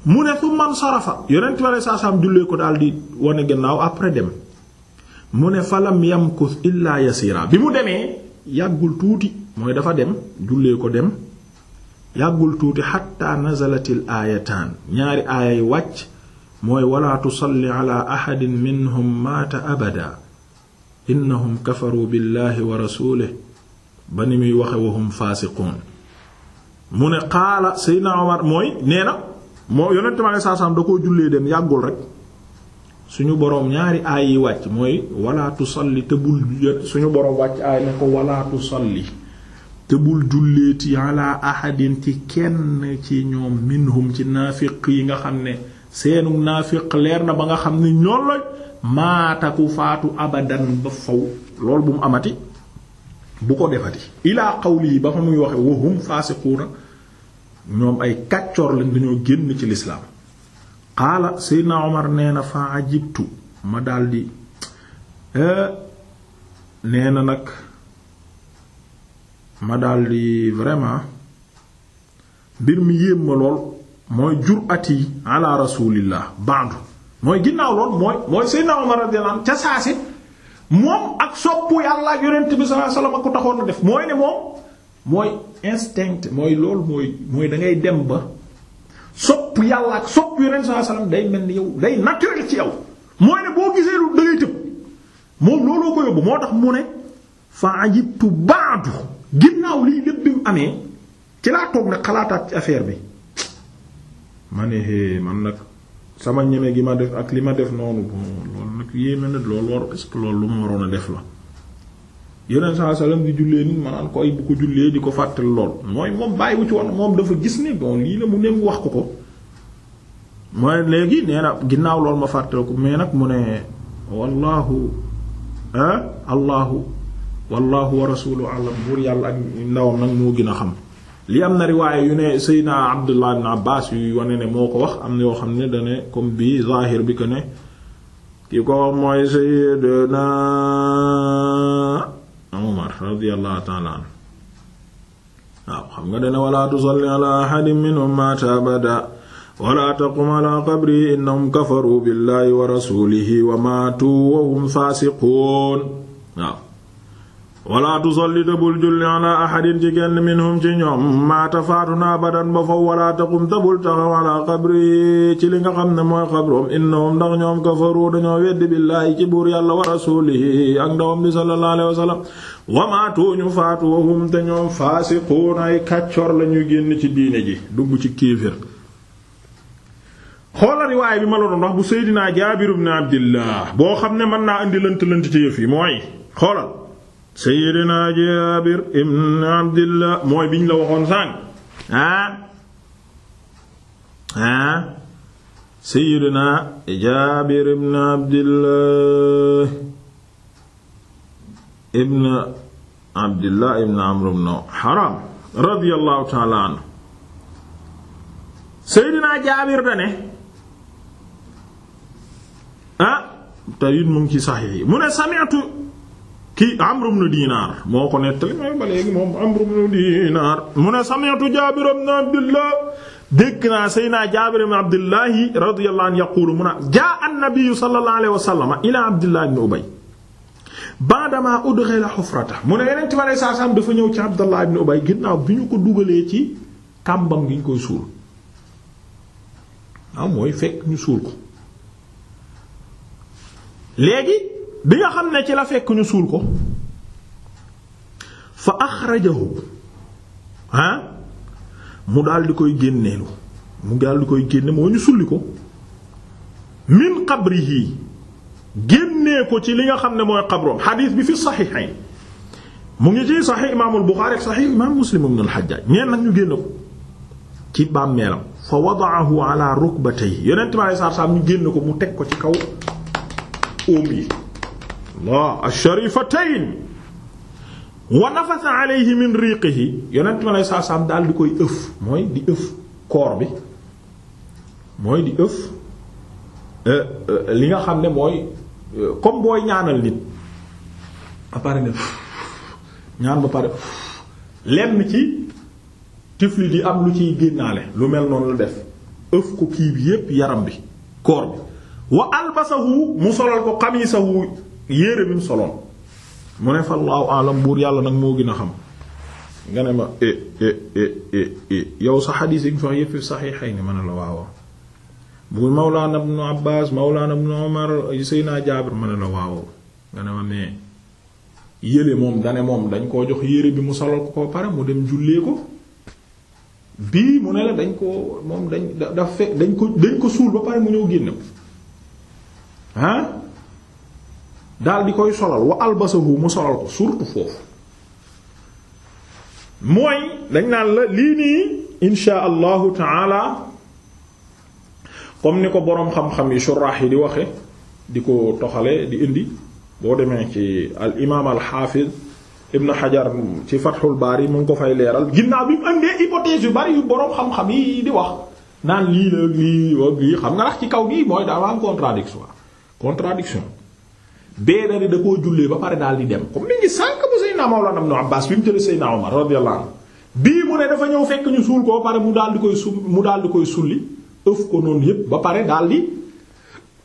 mu ne summan sarafa yonent bi sallallahu jullee ko daal di wane gannaaw après dem mu ne falam yamkus illaa yasira bi mu demee yàggul tuuti mooy dafa dem jullee ko dem yàggul tuuti xatta nazalatil aayataan ñaari aaya wàcc mooy walaa tusalli ala ahadin minhum maata abada innahum kafaru billahi wa ba ni muy waxe wahum faasiqun mu ne qaala seydna omar mooy nee na moo yonente saa salaam da koo jullee dem yàggul rek suñu boroom ñaari aay yi wàcc mooy walaatu tusalli te bul suñu boroom wàcc aay ne te bul julleeti ala ahadin ci kenn ci ñoom minhum ci naafiq yi nga xam ne seenu naafiq leer na ba nga xam ne ñoom lañ maataku faatu abadan ba faw lool bu mu amati bu ko defati ilaa qawli yi ba fa muy waxe wahum faasiquuna ñoom ay kàccoor lañ dañoo génn ci lislaam qaala seydna omar nee na fa ajibtu ma daldi e, nee na nag ma daldi vraiment mbir mi yéem ma lool mooy jurati ala rasulillah ba'du mooy ginnaaw lool mooy mooy seydna omar radiyallahu anhu ca saasi moom ak soppu yàlla ak yonent bi sallallahu alayhi wasallam ak ko taxoon na def mooy ne moom mooy instinct mooy lool mooy dangay dem ba sopp yàlla ak sopp yonent sallallahu alayhi wasallam day mel ni yow day naturel ci yow mooy ne boo gisee lu dangay tëb moom looloo ko yóbbu moo tax mu ne fa ajibtu baadu ginnaaw lii lépp bi amee ci laa toog nag xalaataat ci affaire bi ma ne hé man nag sama ñeme gi ma def ak li ma def noonu bon loolu nag yéeme na loolu war est loolu lu mu waroon a def la yeneen saa salaam di jullee nit ma naan koy bu ko jullee di ko fàttali lool mooy moom bàyyiwu ci woon moom dafa gis ne bon lii la mu ne mu wax ko ko mooy léegi nee na ginnaaw lool ma fàttali ko mais nag mu ne wallaahu ah allahu wallaahu wa rasuluhu alam buur yàlla ak ndawam nag moo gën a xam. li am na riwaaye yu ne na Abdullah ibn Abbas yu wane ne moo ko wax am na yoo xam ne dane comme bii zahir bi que ne ki ko mooy Seydina radiyallahu ta'ala anhu waaw xam nga dana wala tusalli ala ahadin minhum mata abada wala taqum ala qabri innahum kafaru billahi wa rasulihi wa matu wa hum fasiqun waaw wala tusalli te bul julli ala ahadin ci kenn minhum ci ñoom maata faatu naa badan ba faw wala taqum te taxaw ala xabri ci li nga xam ne mooy xabroom innahum ndax ñoom kafaru dañoo weddi billaahi ci buur yàlla wa rasuulihi ak ndawam bi sallallahu faatu wa hum te ñoom faasiquun kàccor lañuy génn ci diine ji dugg ci kéefër xoola riwaay bi ma la doon bu seydinaa jaabir ibn abdillah boo xam ne mën naa indi lënt lënt ci yëf mooy xoolal Seydina Jaabir ibn Abdillah mooy biñ la waxoon sànq ah ah Seydina Jaabir ibn Abdillah ibn Abdillah ibn Amr ibn Haram radiyallahu ta'ala anhu Seydina Jaabir dane ah te it mu ngi ci saxiix yi mu ne sami'tu ki Amr ibn Dinar moo ko nettali mooy ba léegi moom Amr ibn mu ne sami'tu Jaabir ibn Abdullah dégg naa Seydina Jaabir ibn Abdullah radiyallahu anhu yaqulu mu naan jaa an-nabiy sallallahu alayhi wa sallam ila Abdullah ibn Ubay ba'dama udkhila hufrata mu ne Yonent bi alayhi salaam dafa ñëw ci Abdullah ibn Ubay ginnaaw bi ñu ko dugalee ci kàmbam gi ñu koy suul waaw ah, mooy fekk ñu suul ko léegi bi nga xam ne ci la fekk ñu suul ko fa axrajahu ah mu daal koy génneelu mu daal di koy génne moo ñu sulli ko min qabrihi génnee ko ci li nga xam ne mooy xabroom xadiis bi fi saxiixayn mu ngi ci saxiix imaamul Buxaari ak saxiix imaam Muslim ibn a hajjaaj ñeen nag ñu génne ko ci bàmmeelam fa wadaahu ala rukbatayhi yonent bi alayhi salaam ñu génne ko mu teg ko ci kaw óom yi Allah ash-sharifatayn wa nafasa alayhi min yi yonent ma lay saa saam daal di koy ëf mooy di ëf koor bi mooy di ëf euh, euh, li nga xam ne mooy euh, comme booy ñaanal nit ba pare ne ñaan ba pare lenn ci tifli di am lu ciy génnaale lu mel noonu la def ëf ko kii bi yépp yaram bi koor bi wa albasahu mu solal ko xamiisahu yére bi mu soloon mu ne fa alam buur yàlla nag moo gën a xam nga ne ma e, e, e, yow sa xadiis yi nga fa yëpp saxiixay ni ma la waaw bu mawlaana ibnu abbaas mawlaana ibnu umar seydina jaabir ma ne la waaw nga ne ma mais yële moom dane moom dañ koo jox yére bi mu solal ko ko pare mu dem jullee ko bii mu ne la dañ ko moom dañ da fekk dañ ko dañ ko suul ba pare mu ñëw génne ko ah daal di koy solal wa albasahu mu solal ko surtout foofu mooy dañ naan la lii nii insha allahu taala comme ni ko boroom xam-xam yi suraax yi di waxe di ko toxale di indi boo demee ci al imaam al xaafiz ibn xajar ci fatxul baar mu ngi ko fay leeral ginnaaw bi mu indee hypothèse yu bari yu boroom xam-xam yi di wax naan lii la lii lii xam nga ndax ci kaw gi mooy daa am contradiction contradiction bee dani da koo jullee ba pare daal di dem ko mi ngi sànq bu Seydina Mawlana Ibn Abbas bi mu jëlee Seydina Omar radiyallahu anhu bii mu ne dafa ñëw fekk ñu suul ko pare mu daal di koy su mu daal di koy sulli ëf ko noonu yépp ba pare daal di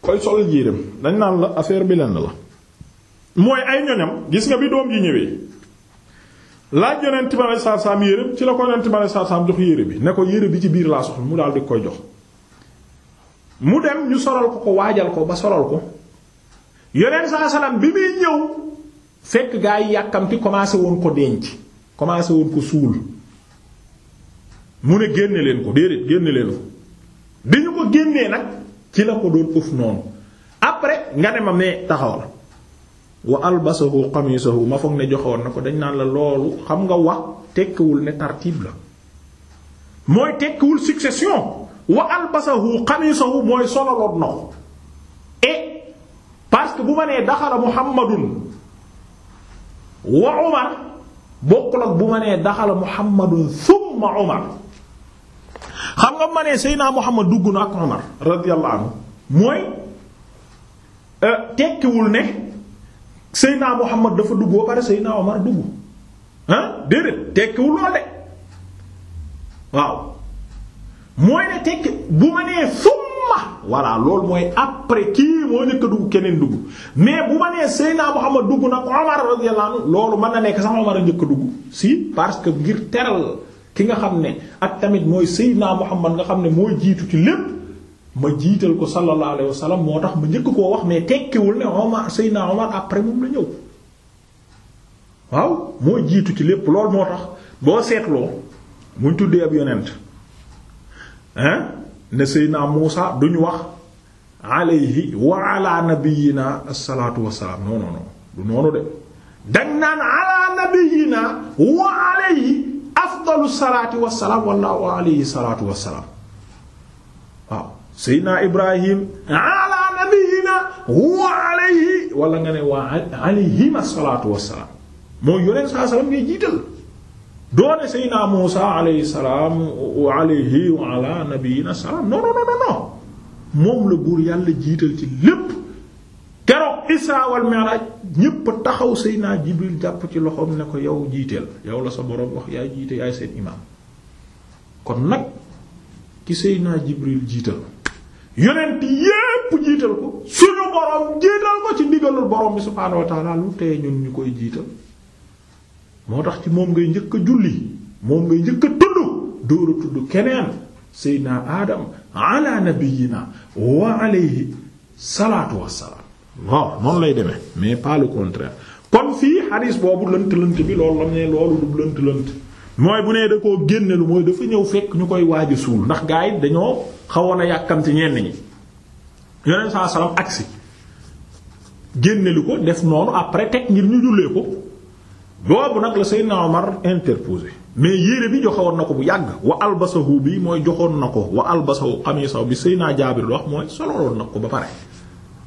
koy solal yéreem dañ naan la affaire bi lenn la mooy ay ñoñam gis nga bi doom ji ñëwee laaj yonent bi alayhi salaatu salaam yéreem ci la ko yonent bi alayhi salaatu jox yére bi ne ko yére bi ci biir laa soxla mu daal di koy jox mu dem ñu solal ko ko waajal ko ba solal ko yeneen saa salaam bi muy ñëw fekk gaa yi yàkkamti commencé woon ko denc commencé woon ko suul mu ne génne leen ko déedéet génne leen ko bi ñu ko génnee nag ci la ko doon ëff noonu après nga ne ma mais taxaw la wa albasahu qamisahu ma foog ne joxewoon na ko dañ naan la loolu xam nga wax tekkiwul ne tartib la mooy tekkiwul succession wa albasahu qamisahu mooy sololoon na ko parce que bu ma nee daxala muhammadun wa umar bokkul ak bu ma nee daxala muhammadun thumma umar xam nga bu ma nee seydinaa muhammad dugg na ak umar radiyallahu anhu mooy euh, tekkiwul ne seydinaa muhammad dafa dugg ba pare seydinaa umar dugg ah déedéet tekkiwul lool de waaw mooy ne tekki bu ma nee sum summa voilà loolu mooy après kii moo njëkk a dugg keneen dugg mais bu ma nee Seydina Muhammad dugg nag Omar radiyallahu anhu loolu mën na nekk sax Omar a njëkk a si parce que ngir teral ki nga xam ne ak tamit mooy Seydina Muhammad nga xam ne mooy jiitu ci lépp ma jiital ko sallallahu alayhi wa moo tax ma njëkk koo wax mais tekkiwul ne Omar Seydina Omar après moom la ñëw waaw mooy jiitu ci lépp lool moo tax boo seetloo muñ tuddee ab yonent hein ne Seydina Muusa duñu wax alayhi wa ala nabiyyina assalaatu wassalaam non non non du noonu de dañ naan ala nabiyyina wa alayhi afdalu salaati wassalaam wala wa alayhi salaatu wassalaam waaw Seydina Ibrahim ala nabiyyina wa alayhi wala nga ne wa alayhima salaatu wassalaam mooy yoneen saa salaam ngay jiital doone Seydina Muusa alayhi salaam wa alayhi wa ala nabiyyina salaam non non moom la buur yàlla jiital ci lépp keroog Isra wal Mi'raj ñépp taxaw Seydina Jibril jàpp ci loxoom ne ko yow jiiteel yow la sa boroom wax yaay jiite yaay seen imaam kon nag ki Seydina Jibril jiital yonent yépp jiital ko suñu boroom jiital ko ci ndigalul boroom bi subhaanahu wa lu tee ñun ñu koy jiital moo tax ci moom ngay njëkk a julli moom ngay njëkk a tudd dóor a tudd keneen seydina adam ala nabiyina wa alayhi salaatu wassalaam waaw noonu lay demee mais pas le contraire kon fii xadis boobu lënt-lënt bi loolu lam loolu du lënt-lënt mooy bu nee da koo génne lu mooy dafa ñëw fekk ñu koy waaji suul ndax gaa yi dañoo xawoon a yàkkamti ñenn ñi yoneen saa salaam agsi génne ko def noonu après teg ngir ñu jullee ko boobu nag la Seydina Omar interposé mais yére bi joxewoon na ko bu yàgg wa albasahu bi mooy joxoon na ko wa albasahu xamiisahu bi Seydina Jaabir wax mooy sololoon na ko ba pare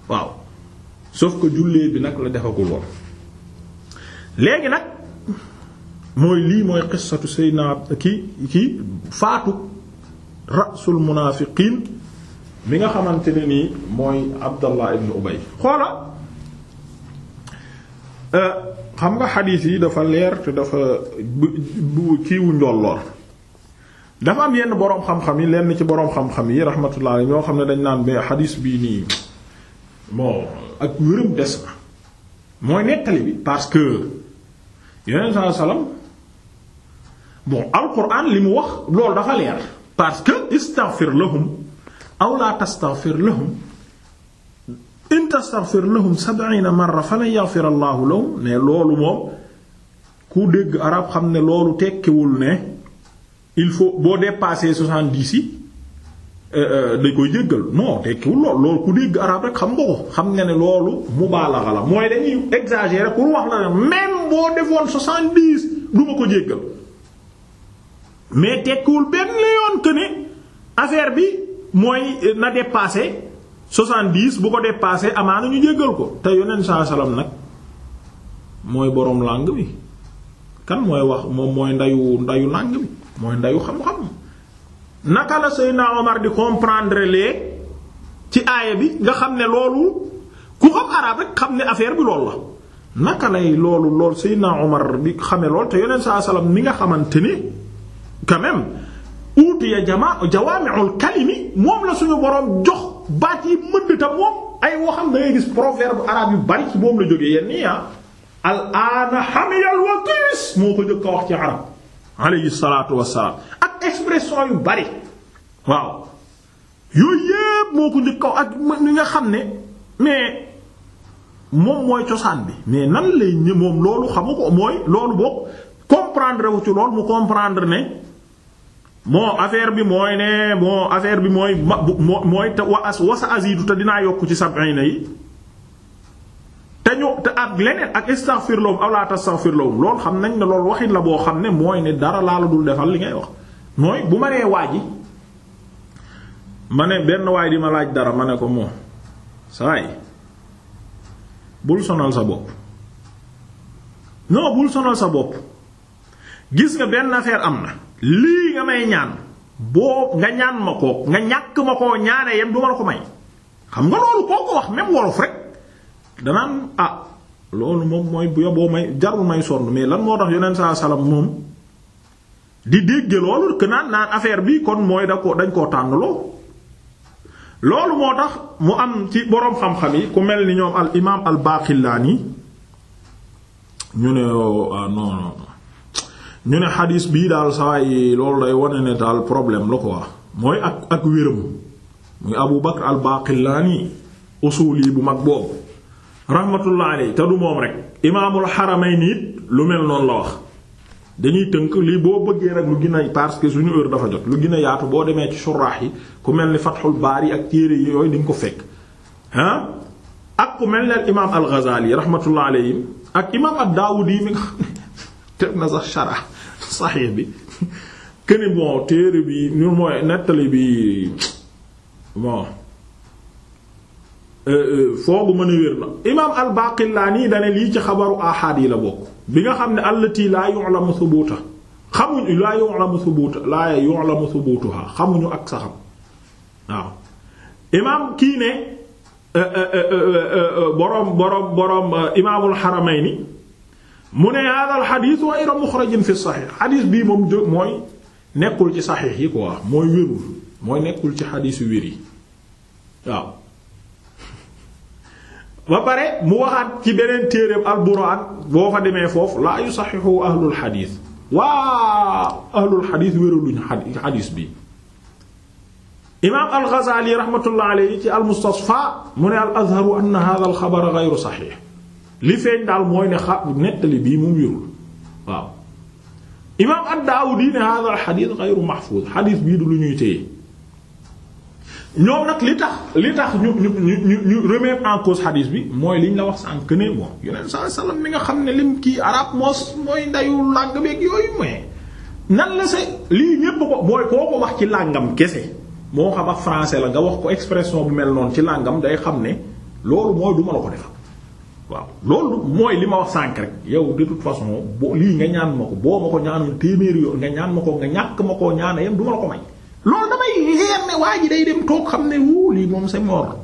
waaw sauf que jullee bi nag la defagul woon léegi nag mooy lii mooy qissatu Seydina ki ki faatu rasul munaafiqiin mi nga xamante ne nii mooy Abdallah ibn Ubay xoola euh, xam nga xadiis yi dafa leer te dafa bu kiiwu njolloor dafa am yenn boroom xam-xam yi lenn ci boroom xam-xam yi rahmatullah ñoo xam ne dañ naan mais xadiis bii nii bon ak wërëm des na mooy nettali bi parce que yeneen saa salaam bon alquran li mu wax loolu dafa leer parce que istaghfir lahum aw la tastaghfir lahum in tastaghfir lahum sab'iina marra falan yaghfir Allahu lahum ne loolu moom ku dégg arab xam ne loolu tekkiwul ne il faut boo dépasser soixante-dix yi euh, euh, dañ koy jéggal non tekkiwul loolu loolu ku dégg arab rek xam nga ko xam nga ne loolu mubaalaxa la mooy dañuy exagérer pour wax la ne même boo defoon soixante-dix du ma ko jéggal mais tekkiwul benn yoon que ne affaire bi mooy na dépasser. 70 bu ko dépassé amaana ñu jéggal ko te yoneen saa salaam nag mooy boroom langue bi kan mooy wax moom mooy ndayu ndayu langue bi mooy ndayu xam-xam naka la Seydina Omar ci aaya bi nga xam ne loolu ku xam ne affaire bi loolu la naka lay loolu lool Seydina Omar di xame lool te yonent saa salaam mi nga xamante ni quand même utiya jamaa jawaami'ul kalimi moom la suñu boroom jox. baat yi mëdd ta moom ay waxam da gis proverbe arabe yu bari ci moom la jóge yenn nii ah al aana hamiyal moo ko jëkk a wax ci arab alayhi salaatu wassalaam ak expression yu bari waaw yooyu yépp moo ko njëkk ak ñi nga xam ne mais moom mooy cosaan bi mais nan lay ñë moom loolu xamu ko mooy loolu bokk comprendre wu ci loolu mu comprendre ne moo affaire bi mooy ne bon affaire bi mooy ma mooy te wa wasa azidu te dinaa yokk ci sab'ina yi te ñu te ak leneen ak istaghfir lahum aw la xam nañ ne lool waxin la boo xam ne mooy ne dara laa la dul defal li ngay wax mooy bu ma nee waaji ma ne benn waay di ma laaj dara ma ne ko moom saay bul sonal sa bopp non bul sonal sa bopp gis nga benn affaire am na lii nga may ñaan boo nga ñaan ma ko nga ñàkk ma koo ñaane yem du ma la ko may xam nga loolu koo wax même wolof rek danaan ah loolu moom mooy bu may jarul may sonn mais lan moo tax yonent saa salaam moom di dégg loolu que naan naan affaire bi kon mooy da ko dañ koo tànn loo loolu moo tax mu am ci boroom xam-xam yi ku mel ni ñoom al imaam al Baaqillaani ñu ne oh, ah, non ñu ne xadiis bii daal saa yi loolu day wane ne daal problème la ko quoi mooy ak ak wéram muy Abu Bakr al-Baqillaani usuli bu mag boobu rahmatullah alayhi te du moom rek imaamul Haramayni it lu mel noonu la wax dañuy tënk lii boo bëggee rek lu gën a parce que suñu heure dafa jot lu gën a yaatu boo demee ci suraax yi ku mel ni baar yi ak téere yi yooyu di ko fekk ah ak ku mel ne imaam al-Ghazali rahmatullah alayhi ak imaam ad-Daawudi mi teg na sax sharax saxiix bi këni bon téere bi ñu mooy nettali bi bon euh, euh, foogu mën a wér na imaam al-Baqillaani dane lii ci xabaru ahad yi la bokk bi nga xam ne allati laa yu'lamu thubuta xamuñu laa yu'lamu thubuta laa yu'lamu thubutuha xamuñu ak saxam waaw imaam kii ne euh, boroom boroom imaamul xaramayni mu ne hada al xadis wayra muxrajin bii moom jóg mooy nekkul ci saxiix yi quoi mooy wérul mooy nekkul ci xadis yu wér ba pare mu waxaat ci beneen téereem al buraat boo fa demee foofu laa yu saxiixu ahlul xadis waa ahlul xadis wéraluñ xadis bi imaam al Ghazali rahmatullah ci al Mustasfa mu ne al azharu anna xabar ghayru saxiix li feeñ daal mooy ne xa nettali bii moom wérul waaw imaam ad-Daawudi ne hada xadis xayru mahfuz xadis bii du lu ñuy téye ñoom nag li tax li tax ñu ñu ñu ñu remettre en cause bi mooy liñ la wax sànq ne bon yeneen saa salaam mi nga xam ne lim kii arab moos mooy ndayu làng beeg yooyu mooy nan la sa lii ñépp ko mooy koo ko wax ci làngam kese moo xam ak français la nga wax ko expression bu mel noonu ci làngam day xam ne loolu ko def. waaw loolu mooy li ma wax sànk rek yow de toute façon boo lii nga ñaan ma ko boo ma ko ñaanul téeméeri yoon nga ñaan ma ko nga ñàkk ma koo ñaana yam du ma la ko may loolu damay leer ne waa ji day dem toog xam ne wuu lii moom c'est mort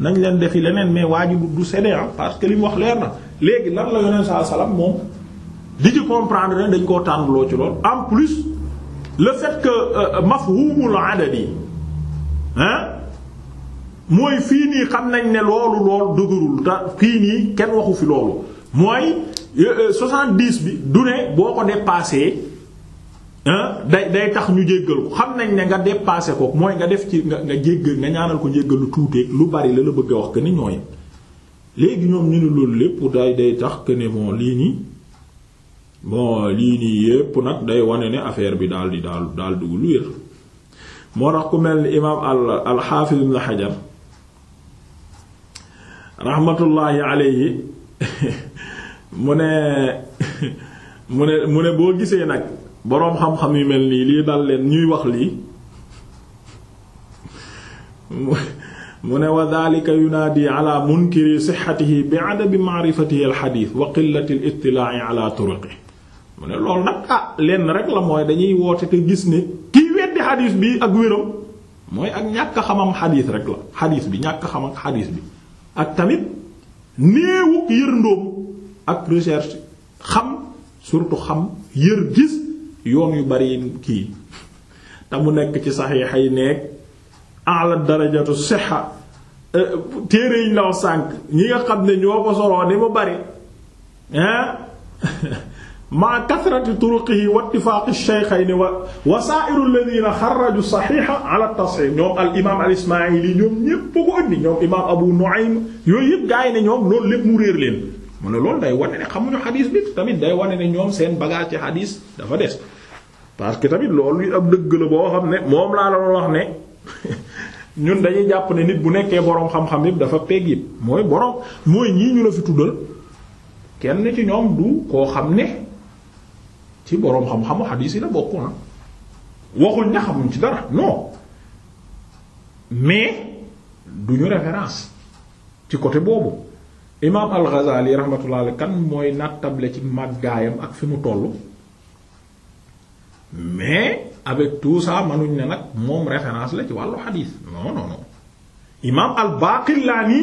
nañ leen defi leneen mais waa ji du cédé ah parce que li mu wax leer na léegi lan la yoneen saa salaam moom di ci comprendre ne dañ koo tànnloo ci lool en plus le fait que euh, euh, mafhumul adadi hein mooy fii nii xam nañ ne loolu lool dëgërul te fii nii kenn waxu fi loolu mooy 70 euh, euh, bi du ne boo ko dépassé day day tax ñu jéggal ko xam nañ ne nga dépassé ko mooy nga def ci nga nga jéggal nga ñaanal ko jéggal lu tuuteeg lu bari la la bëgg a wax que ni ñooy léegi ñoom ñu lu loolu lépp day day tax que ne bon lii nii bon lii nii yépp nag day wane ne affaire bi daal di daal daal dugg lu moo tax ku mel ni imaam al al xaafiz ibn Hajar rahmatullahi alayhi mu ne mu ne mu ne boo gisee nag boroom xam-xam yu mel nii lii daal leen ñuy wax lii mu ne wa dalika yunaadi ala munkiri sixatihi bi adami maarifatihi alxadis wa qillati al ittilaa'i ala ah, rek la mooy dañuy woote te gis ne kiy weddi xadis bi ak wéram mooy ak ñàkk xamam xadis rek la xadis bi ñàkk xamam xadis bi ak tamit néewuk yër ndóom ak recherche xam surtout xam yër gis yoon yu bari kii te mu nekk ci saxiixa yi nekk ala darajatu siha eh, téere yi ñu la wax ñi nga xam ne ñoo ko soloo ni mu bari hein ma kathrati turuqihi wa ittifaaqi shaykhayni wa wasaa'iru alladhiina xarraju saxiixa ala tasxiix ñoom al imaam al ismaa'ili ñoom ñépp ko indi ñoom imaam Abu Nu'aym yooyu yépp gaa yi ne ñoom loolu lépp mu réer leen. mu ne loolu day wane ne xamuñu xadiis bi tamit day wane ne ñoom seen bagage ci xadiis dafa des parce que tamit loolu ab dëgg la boo xam ne moom laa la wax ne. ñun dañuy jàpp ne nit bu nekkee boroom xam-xam yépp dafa peeg yépp mooy boroom mooy ñii ñu la fi tuddal kenn koo xam ne ci boroom xam-xamu xadiis yi la bokk na waxuñ na xamuñ ci dara non mais duñu référence ci côté boobu imaam al-Ghazali kan mooy nattable ci màggaayam ak fi mu toll mais avec tout ça mënuñ ne nag moom référence la ci wàllu xadiis non non imaam al-Baqillani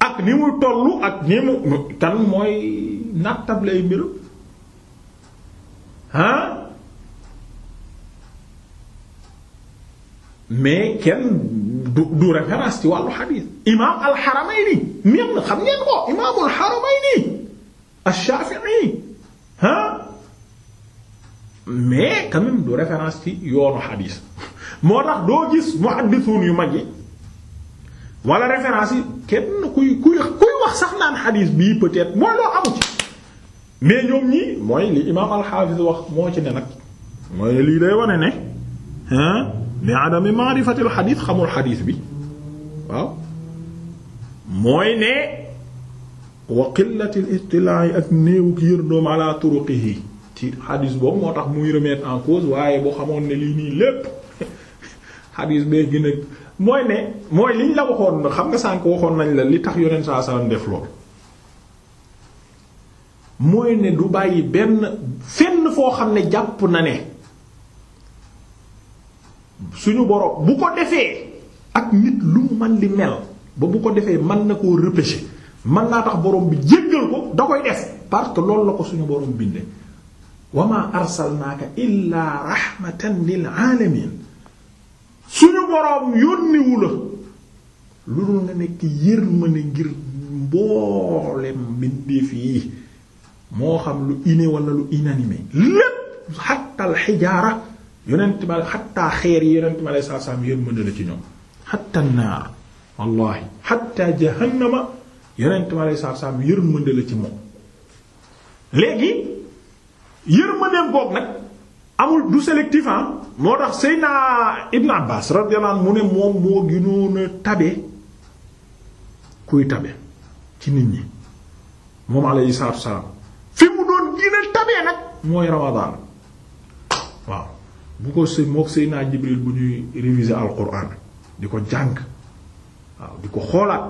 ak ni mu toll ak ni mu kan mooy nattable mbiru ah mais kenn du du référence ci wàllu xadiis imaam al-Haramayni xam ngeen ko imaam al-Haramayni ash mais quand du référence ci yoonu xadiis moo tax doo gis muhaddisuun yu mag yi wala yi kenn kuy kuy kuy wax sax naan xadiis bii peut mooy loo amu ci. mais ñoom ñii mooy li imaam alxaafis wax moo ci ne nag mooy lii day wane ne bi adami maarifatil xadiis xamul xadiis bi waaw mooy ne wa qillatil ittilaa'i ak néewu ki yër doom ala turuqihi ci xadiis boobu moo tax muy remettre en cause waaye boo xamoon ne lii nii lépp xadiis bee gën a mooy ne mooy liñ la waxoon xam nga sànk waxoon nañ la li tax yonent saa sallam def lool mooy ne du bàyyi benn fenn foo xam ne jàpp na ne suñu borom bu ko defee ak nit lu man di mel ba bu ko defee mën na koo repêcher man naa tax borom bi jéggal ko da koy def parce que loolu la ko suñu borom binde wama arsalnaaka illaa rahmatan lil alamin suñu boroom yónniwu la lu dul nga nekk yërmande ngir mboolem mbindeef yi moo xam lu inné wala lu inanimé lépp xattal xijaara yonent ma xattaa xeer yi yonent ma la ci ñoom xatta naar wallahi xatta la ci moom léegi yërmandeem boog nag amul du sélectif ah. moo tax Seydina Ibn Abbas radiyallahu mu ne moom moo gënoon a tabe kuy tabe ci nit ñi moom alayhi salaatu wa salaam amee nag mooy ramadaan waaw bu ko si mook Seydina Jibril bu ñuy réviser alquran di ko jàng waaw di ko xoolaat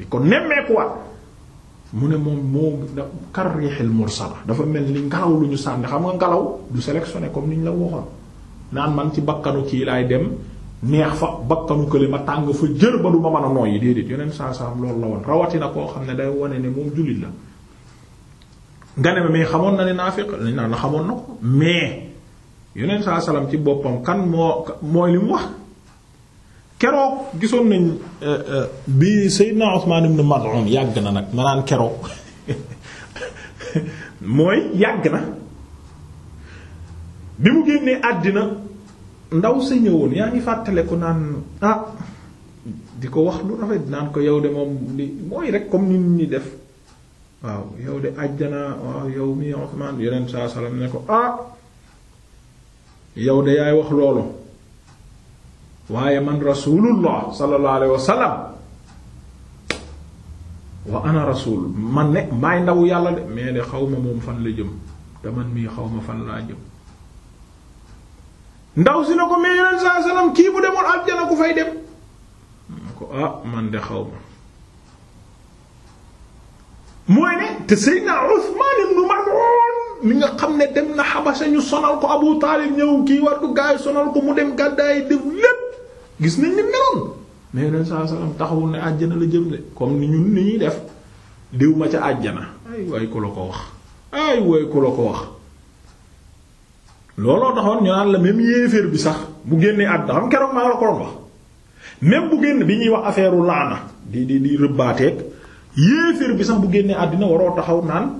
di ko nemmeekuwaat mu ne moom moo kar riixil mursala dafa mel ni ngelaw lu ñu sànni xam nga ngelaw du sélectionné comme ni ñu la waxoon naan man ci bakkanu kii laay dem neex fa bakkanu kële ma tàng fa jër ba du ma mën a nooyi déedéet yeneen saa saa loolu la woon rawatina koo xam ne day wane ne moom jullit la nga ne mais xamoon na ne naafiq lañ naan la xamoon na ko mais yonent saa salaam ci boppam kan moo mooy li mu wax keroog gisoon nañ euh, euh, bi Seydina Usmaan ibn Mad'un yàgg na nag ma keroog mooy yàgg na bi mu génnee àddina ndaw sa ñëwoon yaa ngi fàttale ko naan ah di ko wax lu rafet naan ko yow de moom di mooy rek comme ni ñu def waaw yow de ajjana waaw yow mi Usmaan yeneen saa salaam ne ko ah yow de yaay wax loolu waaye man rasulullah sallallahu alayhi wa sallam wa ana rasul man ne maay ndaw yàlla de mais de xaw ma moom fan la jëm te man mii xaw ma fan laa jëm ndaw si na ko mais yeneen saa salaam kii bu demoon ajjana ku fay dem ko ah man de xaw ma mooy ne te Seydina Usmaan ibn Maz'un mi nga xam ne dem na Habasha ñu sonal ko Abu Taalib ñëw kii war sonal ko mu dem gàddaay def lépp gis nañ ni meloon mais Yonent saa salaam taxawul ne àjjana la jëm de comme ni ñun ni def diw ma ca àjjana ay waay ku la ko wax ay waay ku la ko wax looloo taxoon ñu naan la yéeféer bi sax bu génnee àdduna xam keroog maa la ko doon wax bu génn bi ñuy wax affaire laana di di di rëbbaateek yéeféer bi sax bu génnee àddina waroo taxaw naan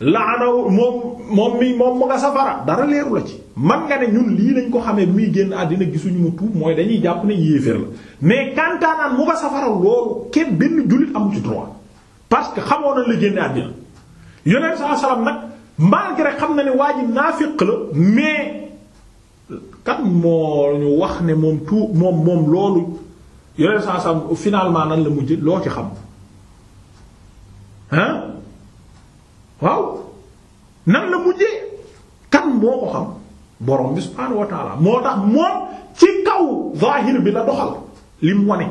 laanaw moom moom mi moom mu nga safara dara leeru la ci man nga ne ñun lii nañ ko xamee muy génn àddina gisuñu mu tuub mooy dañuy jàpp ne yéeféer la mais kantaanaan mu nga safara loolu kenn benn jullit amu ci droit parce que xamoo na la génn àddina yonent saa salaam nag malgré xam na ne waa ji naafiq la mais kan moo ñu wax ne moom tuub moom moom loolu yonent saa salaam finalement nan la mujj loo ci xam nan la mujjee kan moo ko xam borom bi subhaanahu wa moo tax moom ci kaw zaahir bi la doxal li mu wane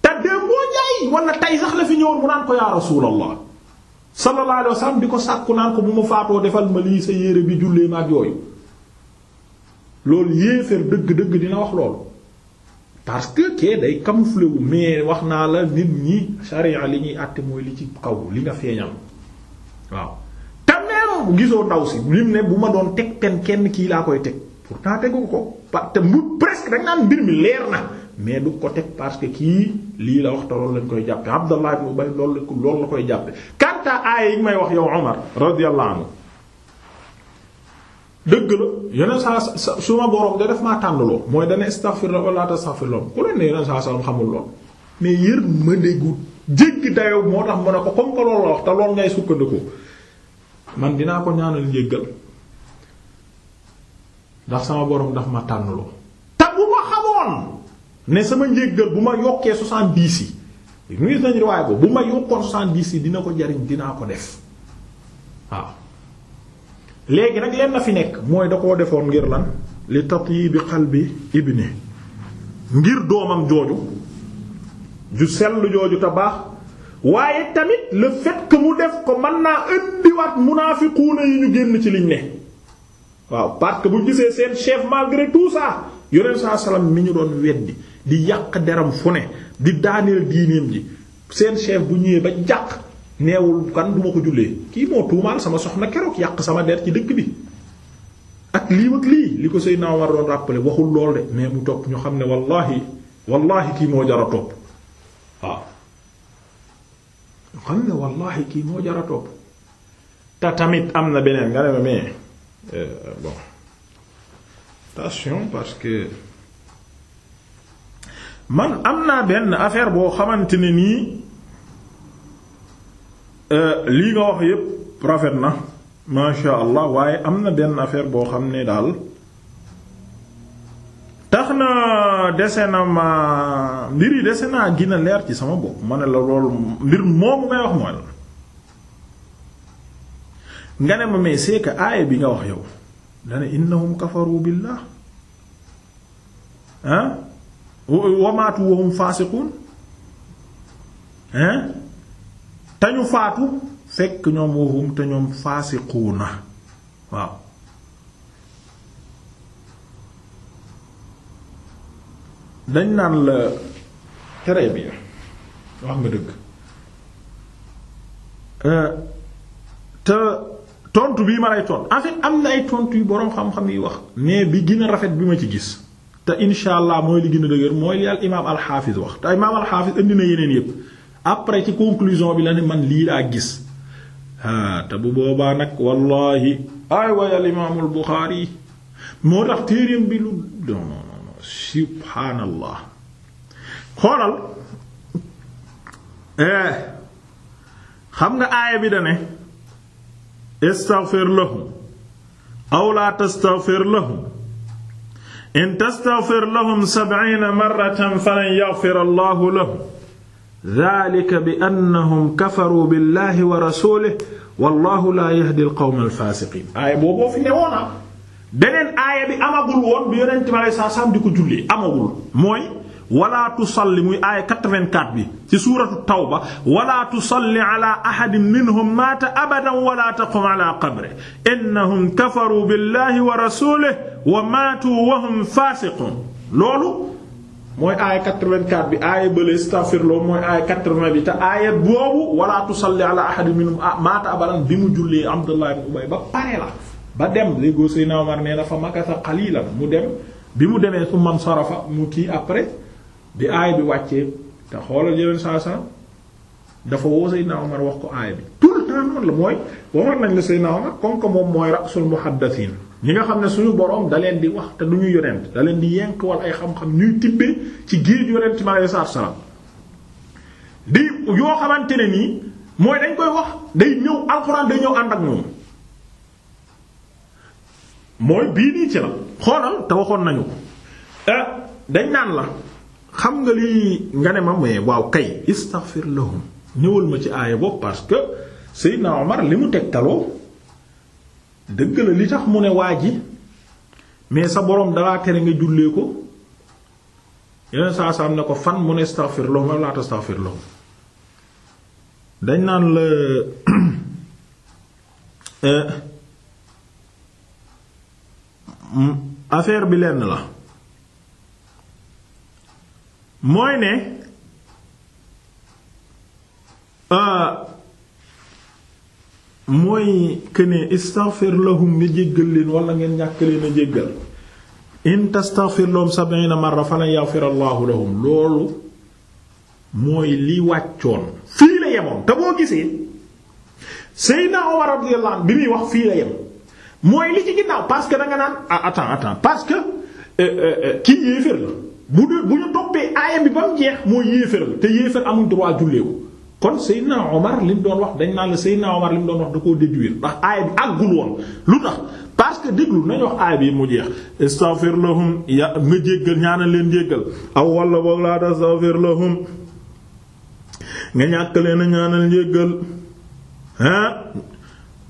te dee moo jaay wala tey sax la fi ñëwoon mu naan ko yaa rasuulallah sallallahu alayhi wa di ko sàkku naan ko bu ma faatoo defal ma lii sa yére bi jullee ma ak yooyu loolu yéeféer dëgg-dëgg dina wax loolu parce que day camouflé wu mais wax naa la nit ñi sharia li ñuy àtte mooy li ci kaw li nga feeñal waaw bu gisoo ndaw si lim ne bu ma doon teg pen kenn kii laa koy teg pour pourtant tegu ko pa te mu presque rek mbir mi leer na mais du ko teg parce que kii lii la wax te lañ koy jàppe Abdallah ibn Ubay loolu loolu la koy jàppe kanta aaya may wax yow Omar radiyallahu anhu dëgg la yeneen sa su ma borom da def maa tànn lool mooy dana astaghfirullah wala tastaghfirullah ku leen ne yeneen saa sallam xamul lool mais yër ma déggu jéggi dayoo moo tax mu ne ko comme que loolu la wax te ngay sukkandiku man dinaa ko ñaanal njéggal ndax sama boroom daf ma tànnloo te bu ma xamoon ne sama njéggal bu ma yokkee soixante-dix yi ñu gis nañu waaye boobu ma yokkoon soixante-dix yi dina ko jariñ dinaa ko def waaw léegi nag leen na fi nekk mooy da koo defoon ngir lan li tatyibi bi ibni ngir doomam jooju ju sell jooju te baax waaye tamit le fait que mu def ko man naa indiwaat munaafiquuna yi ñu génn ci liñ ne waaw parce que bu gisee seen chef malgré tout ça yonent saa salaam mi ñu doon weddi di yàq deram fu ne di daaneel diineem ji seen chef bu ñëwee ba jàq neewul kan duma ko jullee kii moo tuumaal sama soxna keroog yàq sama der ci dëkk bi ak lii ak lii li ko naa war doon rappelé waxul lool de mais mu topp ñu xam ne wallaahi wallaahi kii moo jar a topp waaw xam ne wallahi kii moo jara topp te tamit am na beneen nga ne mais euh, bon attention parce que man am naa benn affaire boo xamante ne nii euh, lii nga wax yépp rafet na masha allah waaye am na benn affaire boo xam ne daal tax na dese na ma mbir yi dese naa gina leer ci sama bopp ma ne la loolu mbir moomu ngay wax mooy la nga ne ma mais c'est que bi nga wax yow dana innahum kafaru billah ah wa maatu wa hum faasiqun ah faatu fekk ñoom wa hum te waaw dañ naan la très bien wax nga dëgg euh, te tontu bii ma lay tontu en am na ay tontu yu boroom xam-xam yi wax mais bi gën a rafet bi ma ci gis te insha allah mooy li gën a dëgër mooy li al imaam alxaafis wax te imaam alxaafis indi na yeneen yépp après ci conclusion bi la ne man lii laa gis ah te bu boobaa nag wallahi ay way al imaamul buxaari moo tax téereem bi lu non subhaanallah xoolal eh, xam nga aaya bi da ne istaghfir lahum aw la tastaghfir lahum in tastaghfir lahum sab'iina marratan falan yaghfir allahu lahum dhalika bi annahum kafaruu billahi wa rasulihi wallahu la yahdi al qawma al fasiqin aaya boobu fi newoon ah. beneen aaya bi amagul woon bi yonent bi alayhi salaam di ko jullee amagul mooy wala tusalli muy aaya 84 bi ci suuratu tawba wala tusalli ala ahadin minhum maata abadan wala taqum ala qabre innahum kafaru billahi wa rasulihi wa maatu wa hum faasiqun loolu mooy aaya 84 bi aaya bële astaghfirullah mooy aaya 80 bi te aaya boobu wala tusalli ala ahadin minhum ah, maata abadan bi mu jullee Abdullah ibn Ubay ba pare la ba dem léegoo Seydina Omar nee na fa makasa qalilan mu dem bi mu demee su man sarafa mu kii après bi aay bi wàccee te xoolal yeneen saa saa dafa woo Seydina Omar wax ko aay bi tout le temps noonu la mooy waxoon nañ la Seydina Omar comme que moom mooy rasul muhaddathin ñi nga xam ne suñu borom da leen di wax te du ñu yonent da leen di yenk wal ay xam-xam ñuy tibbee ci géej yonent mi aleyhi salaatu salaam di yoo xamante ne nii mooy dañ koy wax day ñëw alxuraan day ñëw ànd ak mooy bii nii ci la xoolal te waxoon nañu ko eh, dañ naan la xam nga lii nga ne ma mais waaw kay istaghfir lahum ñëwal ma ci aaya boobu parce que Seydina Omar li mu tegtaloo dëgg la li tax mu ne waa ji mais sa boroom dalaa tere nga jullee ko yeneen saa saa ne ko fan mu ne istaghfir lahum wala tastaghfir lahum dañ naan la eh, Mm, affaire bi lenn la mooy ne euh, mooy que ne istaghfir lahum nga jéggal leen wala ngeen ñàkk leen a jéggal in tastaghfir lahum sab'ina marra falan yaghfir allahu lahum loolu mooy li wàccoon fii la yemoon te boo gisee Seydina Omar radiyallahu anhu bi muy wax fii la yem mooy li ci ginnaaw parce que da nga naan ah attends que euh, euh, euh, kii yéeféer la bu dee bu ñu toppee aaya bi ba mu jeex mooy yéeféer la te yéeféer amul droit jullee ko kon Seydina Omar li mu doon wax dañ naan la Seydina Omar li mu doon wax da koo déduire ndax aaya bi àggul woon lu tax parce que déglu nañ wax aaya bi mu jeex istaghfir lahum ya nga jéggal ñaanal leen jéggal aw walla boog laa tastaghfir lahum nga ñàkk leen a ñaanal jéggal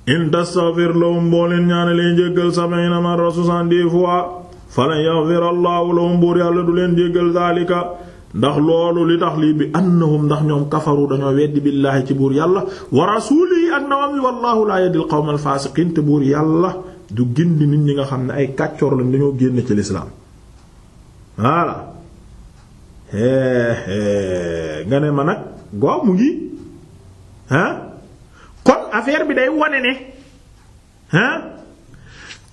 in tastaghfir lahum boo leen ñaanalee njéggal sab'iina marra soixante-dix fois falan yaghfir allahu lahum buur yàlla du leen jéggal daalika ndax loolu li tax lii bi annahum ndax ñoom kafaru dañoo weddi billaahi ci buur yàlla wa rasuulihi ak nawam yi wallahu laa yahdil qawmal faasiqiin te buur yàlla du gindi nit ñi nga xam ne ay kàccoor lañ dañoo génn ci lislaam voilà nga ne ma nag googu mu ngi ah? affaire bi day wane ne ah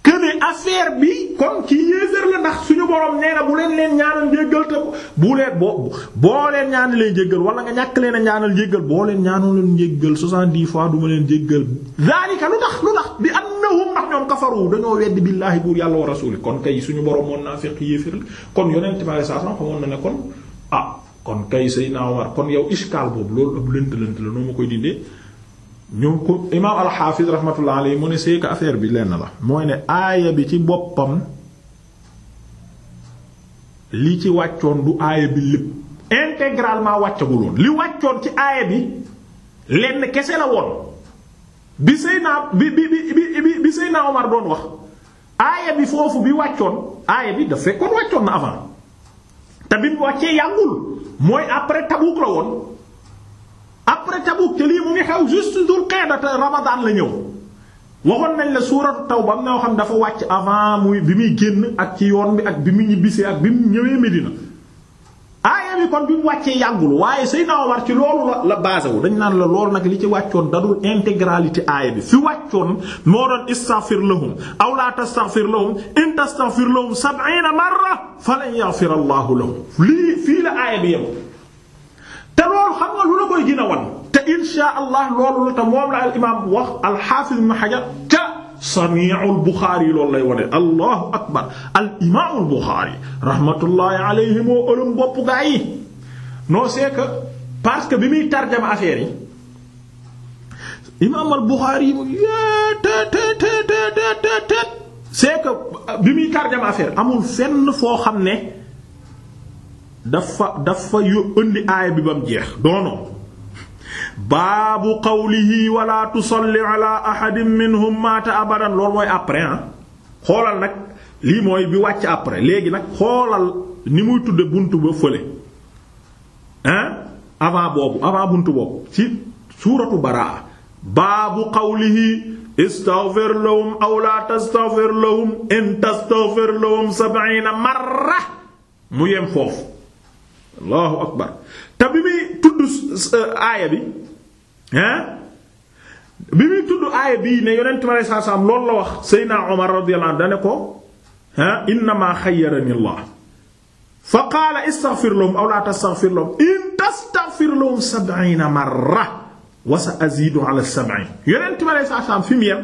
que ne bi comme kii yéeféer la ndax suñu borom nee na bu leen leen ñaanal jéggal te bu leen boo boo leen ñaanalee jéggal wala nga ñàkk leen a ñaanal jéggal boo leen ñaanoo leen jéggal soixante-dix fois du ma leen jéggal zalika lu tax lu tax bi annahum ndax ñoom kafaru dañoo weddi billaahi buur yàlla wa rasuuli kon kay suñu borom moon naa fekk yéeféer la kon yonent ma saa sax xamoon na ne kon ah kon kay Seydina kon yow iskaal boobu loolu ëpp lënt ñu ko imaam alxaafis rahmatullah alayhi mu ne seeka affaire bi lenn la mooy ne aaya bi ci boppam li ci wàccoon du aaya bi lépp intégralement wàccaguloon li wàccoon ci aaya bi lenn kese la woon bi Seyna bi bi bi bi bi Seyna Omar doon wax aaya bi foofu bi wàccoon aaya bi daf fekkoon wàccoon na avant te wàccee yàggul mooy après Tabuk la woon après Tabuk te lii mu ngi xew juste dul qa'da te Ramadan la ñëw waxoon nañ la suuratu taw am na xam dafa wàcc avant muy bi muy génn ak ci yoon bi ak bi mu ñibbisee ak bi mu ñëwee Medina aaya bi kon bi mu wàccee yàggul waaye Seydina Omar ci loolu la la wu dañ naan la loolu nag li ci wàccoon dadul intégralité aaya bi fi wàccoon moo doon istaghfir lahum aw la tastaghfir lahum in tastaghfir lahum sab'ina marra falan yaghfir Allahu lahum lii fii la aaya bi yem te loolu xam nga lu la koy te insha allah la te la al imaam wax alxaafiz ibn xajar ca sami'ul buxaari akbar al imaamul buxaari rahmatullahi alayhi moo ëlëm bopp gaa bi muy tarjama affaire yi muy tarjama affaire amul fenn foo xam ne. dafa dafa yu indi aay bi ba mu jeex doonoon baabu qawlihi wala tusalli ala ahadin minhum maata abadan loolu mooy après ah xoolal nag lii mooy bi wàcc après léegi nag xoolal ni muy tudde bunt ba fële ah avant boobu avant bunt boobu ci suuratu baraa baabu qawlihi istaghfir lahum aw la tastaghfir lahum in tastaghfir mu yem foofu allahu akbar te bi muy tudd euh, aaya bi hein bi muy tudd aaya bii ne yonent mi alayhi salaam loolu la wax Seydina Omar radiyallahu anhu dane ko hein innamaa xayyarani allah fa qaala istaghfir lahum aw laa tastaghfir lahum in tastaghfir lahum sab'iina marra wa sa aziidu ala sab'iin yonent mi alayhi salaam fi mu yem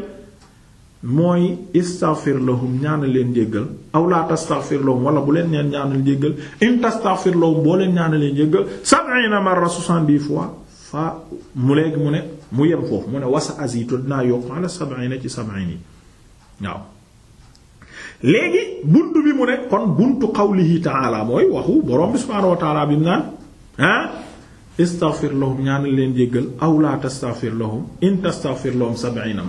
mooy istaghfir lahum leen jéggal aw la tastaghfir lahum wala bu leen neen ñaanal jéggal in tastaghfir lahum boo leen ñaanal leen jéggal sab'ina marra 70 fois fa mu léegi mu ne mu yem foofu mu ne wasa azitu dinaa yokk ala sab'ina ci sab'in yi waaw léegi bunt bi mu ne kon buntu qawlihi ta'ala mooy waxu borom bi subhaanahu wa bi mu naan ah istaghfir lahum leen jéggal aw la tastaghfir in tastaghfir lahum sab'ina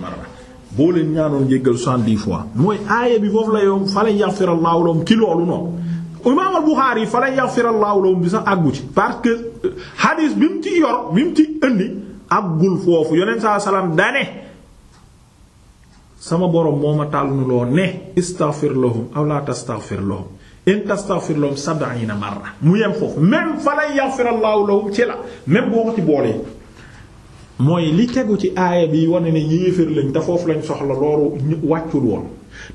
boo leen ñaanoon jéggal soixante-dix fois mooy aaya bi foofu la yow fa lan yaxfirallaahu lahum ci loolu noonu imaam buxaari yi fa lan yaxfirallaahu lahum bi sax àggu ci parce que euh, hadis bi mu ci yor bi mu ci indi àggul foofu yonent saa salaam dane sama borom moo ma tàll nu loo ne istaghfir lahum aw la tastaghfir in tastaghfir lahum marra mu yem foofu même fa lan yaxfirallaahu lahum ci la même boo ci boolee mooy li tegu ci aaya bi wane ne yéeféer lañ te foofu lañ soxla loolu wàccul woon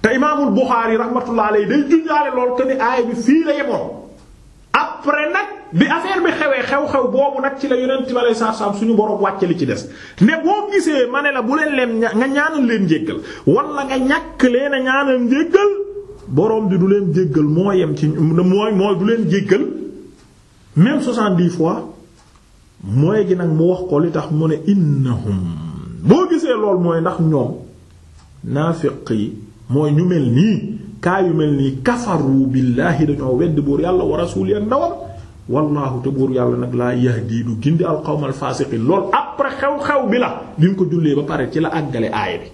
te imaamul Buxaari rahmatullah alayhi day junjaale lool que ni aaya bi fii la yemoon après nag bi affaire bi xewee xew-xew boobu nag ci la yonent bi alayhi suñu borom wàcce li ci des ne boo gisee ma ne la bu leen leen nga ñaanal leen jéggal wala nga ñàkk leen a ñaanal jéggal borom bi du leen jéggal moo yem ci mooy mooy du leen jéggal même 70 fois. mooy gi nag mu wax ko li tax mu ne innahum boo gisee lool mooy ndax ñoom naafiq yi mooy ñu mel nii kaa yu mel nii kafaru billaahi dañoo wedd buur yàlla wa rasuul ya ndawam wallaahu te buur yàlla nag laa yahdi du gindi alqawmal faasiqiin lool après xew-xew bi la bi mu ko jullee ba pare ci la àggale aaya bi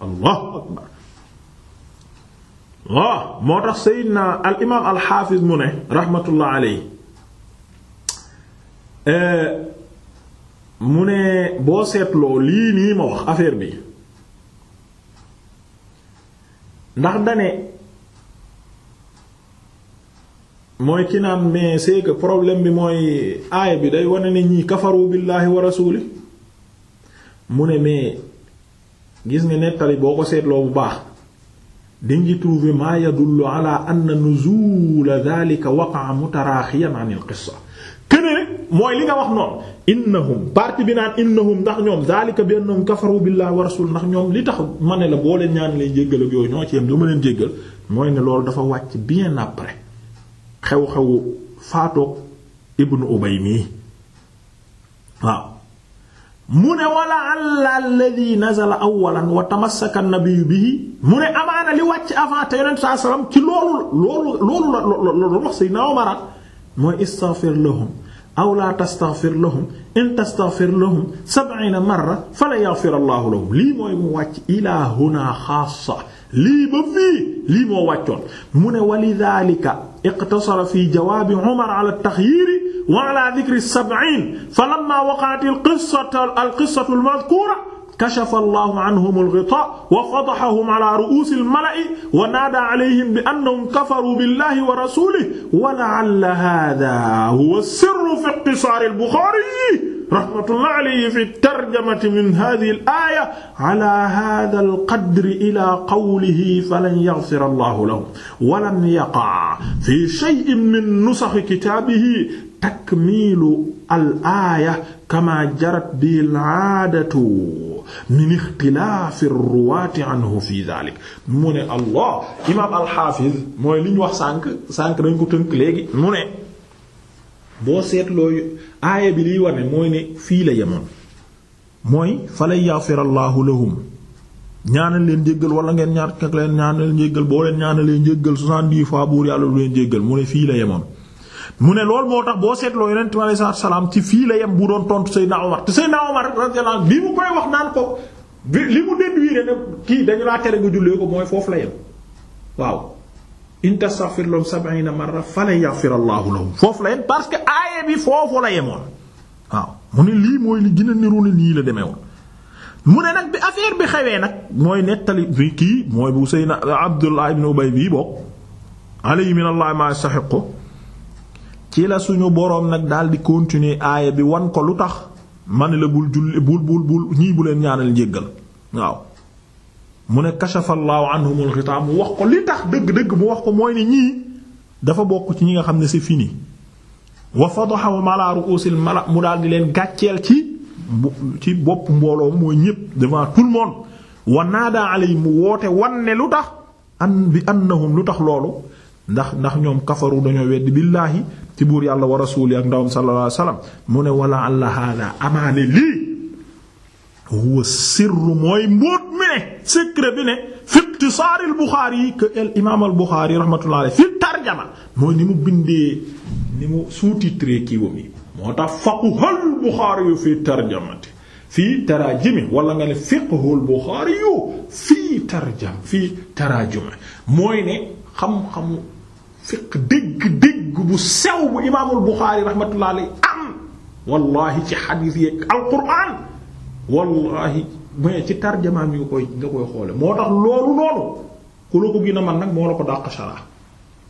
allahu akbar waaw moo tax seydina al imaam al mu ne raxmatullah alayhi eh, mu ne boo seetloo lii nii ma wax affaire bi ndax dane mooy ki naan mais c'est que bi mooy aaya bi day wane ne ñi kafaru billaahi wa rasuli mu ne mais gis nga nettali boo ko seetloo bu baax dingi trouver maa yadullu ala anna nuzula dhalika waqa'a mutaraaxiyan an il qissa kene mooy li nga wax noonu innahum parti bi naan innahum ndax ñoom zalika benn annahum kafaru billahi warasul ndax ñoom li tax ma ne la boo leen ñaan leen jéggal ak yooyu ñoo ci yem du ma leen jéggal mooy ne loolu dafa wàcc bi après xew-xewu faatoog ibnu ubay mii waaw mu ne wala alla alladhi nazala awalan wa tamassaka an-nabiyyu bihi mu ne amaana li wàcc avant te yonent saa salaam ci loolu loolu loolu la loolu wax Seydina Omar mooy istaghfir lahum aw laa tastaghfir lahum in tastaghfir lahum sab'iina marra fala yaghfir allahu lahum lii mooy mu wàcc ilaa huna xaasa lii ba fii lii moo wàccoon mu ne wa lidaalika iqtasara fi jawaabi Umar ala taxyiiri wa ala dikri sab'iin falammaa waqa'at al qissatu al qissatu al madkuura kashafa allahu anhum al-ghita wa fatahahum ala ru'usi al-mala'i wa naada alayhim bi annahum kafaru billahi wa rasulihi wa la'alla hadha huwa as-sirru fi iqtisar al-Bukhari rahmatullahi alayhi fi tarjamati min hadhihi al-aya ala hadha al-qadri ila qawlihi falan yaghfira allahu lahum wa lam yaqa fi shay'in min nusakh kitabihi takmilu al-aya kama jarat bihi al-'aadatu fir ixtilaafi ruwaati anhu fi daalik mu ne allah imaam alxaafiz mooy li ñu wax sànq sànq dañ ko tënk léegi mu ne boo seetloo aaya bi liy wane mooy ne fii la yemoon mooy falan yaxfir allahu lahum ñaanal leen jéggal wala ngeen ñaar kak leen ñaanal leen jéggal boo leen ñaanalee jéggal soixante-dix fois buur yàlla du leen jéggal mu ne fii la yemoon mu ne lool moo tax boo seetloo yonent bi alayhi salaam ci fii la yem bu doon tontu Seydina Omar te Seydina Omar radiyallahu anhu bi mu koy wax naan ko li mu déduire ne kii dañu laa tere nga jullee ko mooy foofu la yem waaw in tastaghfir lahum sab'iina marra falan la yem que aaya bi foofu la yemoon mu ne lii mooy li gën a niru ne nii la demee mu ne nag bi affaire bi xewee nag mooy nettali kii mooy bu Seydina Abdullah ibn Ubay bii min Allah ma yastahiqu ci la suñu boroom nag daal di aaya bi wan ko lu tax man la bul julli bul bul bul ñii bu leen ñaanal njéggal waaw mu ne kachafallaahu anhumul xitaam mu wax ko li tax dëgg-dëgg mu wax ko mooy ne ñii dafa bokk ci ñi nga xam ne c'est fini wa fadahaum ala ru'usil mala mu daal di leen gàcceel ci ci bopp mbooloo mooy ñépp devant tout le monde wa naada yi mu woote wan ne lu tax an bi annahum lu tax loolu ndax ndax ñoom kafaru dañoo weddi billaahi ci buur yàlla wa rasuuli ak ndawam sallallahu alayhi wasallam mu ne wala allah hada amaane lii huwa sirru mooy mbóot mi ne secret bi ne fi ikhtisaar al Bukhari que al Bukhari rahmatullahi alayhi fi tarjama mooy ni mu bindee ni mu sous-titré yi moo tax faqhul Bukhari fi tarjamati fii tarajimi wala nga ne fiqhul Bukhari fii mooy ne xam-xamu fiq dégg-dégg bu sew bu imaamul Buxaari rahmatullah alay am wallahi ci xadiis yeeg alquran wallahi mais ci tarjamaam yi nga koy nga koy xoole moo tax loolu noonu ku la ko gën man nag moo la ko dàq shara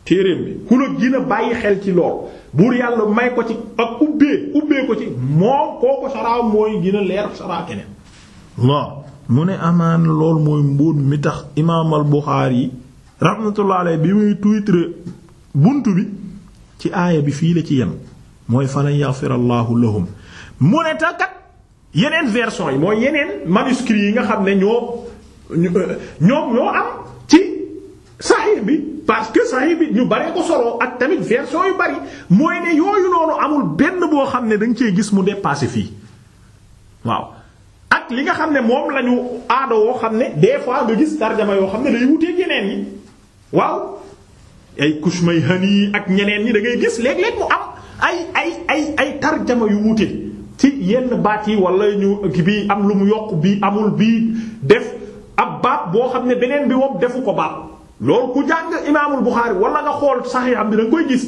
téeréem bi ku la gën bàyyi xel ci lool buur yàlla may ko ci ak ubbee ubbee ko ci moo kooku shara mooy gën leer shara keneen waaw mu ne amaan lool mooy mbóot mi tax imaamal Buxaari yi bi muy tuitre bunt bi ci aaya bi fii la ci yem mooy falan yaghfir allahu lahum mu ne takat yeneen version yi mooy yeneen manuscrits yi nga xam ne ñoo euh, ñoom ñoo am ci sahih bi parce que sahih bi ñu baree ko soloo ak tamit version yu bari mooy ne yooyu noonu amul benn boo xam ne danga cee gis mu dépassé fii waaw ak li nga xam ne moom lañu aada woo xam ne des fois nga gis tarjama yoo xam ne day wuteeg yeneen yi waaw ay yi ak ñeneen ñi dangay ngay gis léeg-léeg mu am ay ay ay ay tarjama yu wuute ci yenn baat yi wala ñu bi am lu mu yokk bi amul bi def ab baat boo xam ne beneen bi moom defu ko baat loolu ku jàng imaamul Buxaari wala nga xool sax am bi da koy gis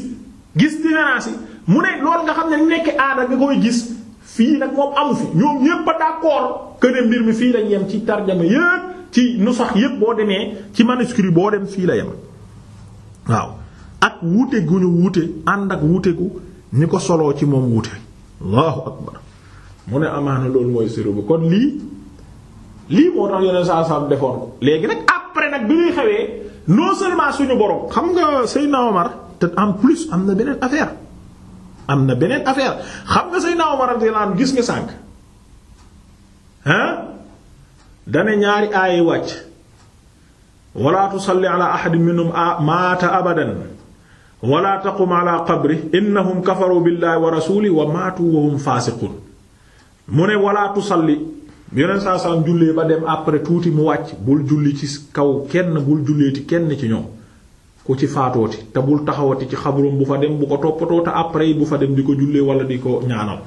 gis différence mu ne lool nga xam ne nekk aada nga koy gis fii nag moom amu fi ñoom ñépp a d'accord que ne mbir mi fii lañ yem ci tarjama yépp ci sax yépp boo demee ci manuscrit boo dem fii la yem waaw ak wuute gu ñu wuute ànd ak wuute gu ñi ko soloo ci moom wuute allahu akbar mu ne amaana loolu mooy sirru bi kon lii lii moo tax yeneen saa saam defoon ko léegi nag après nag bi ñuy xewee non seulement suñu borom xam nga Seydina Omar te en plus am na beneen affaire am na beneen affaire xam nga sëy Seydina Omar radiyallahu anhu gis nga sànk hein dane ñaari aay wàcc wala tusalli ala ahadin minhum maata abadan wala taqum ala qabri innahum kafaru billahi wa rasuli wa maatu wa hum faasiqun mu ne wala tusalli yeneen saa jullee ba dem après tuuti mu wàcc bul julli ci kaw kenn bul julleeti kenn ci ñoom ku ci faatooti te bul taxawati ci xabrum bu fa dem bu ko toppatoo te après bu fa dem di ko jullee wala di ko ñaanal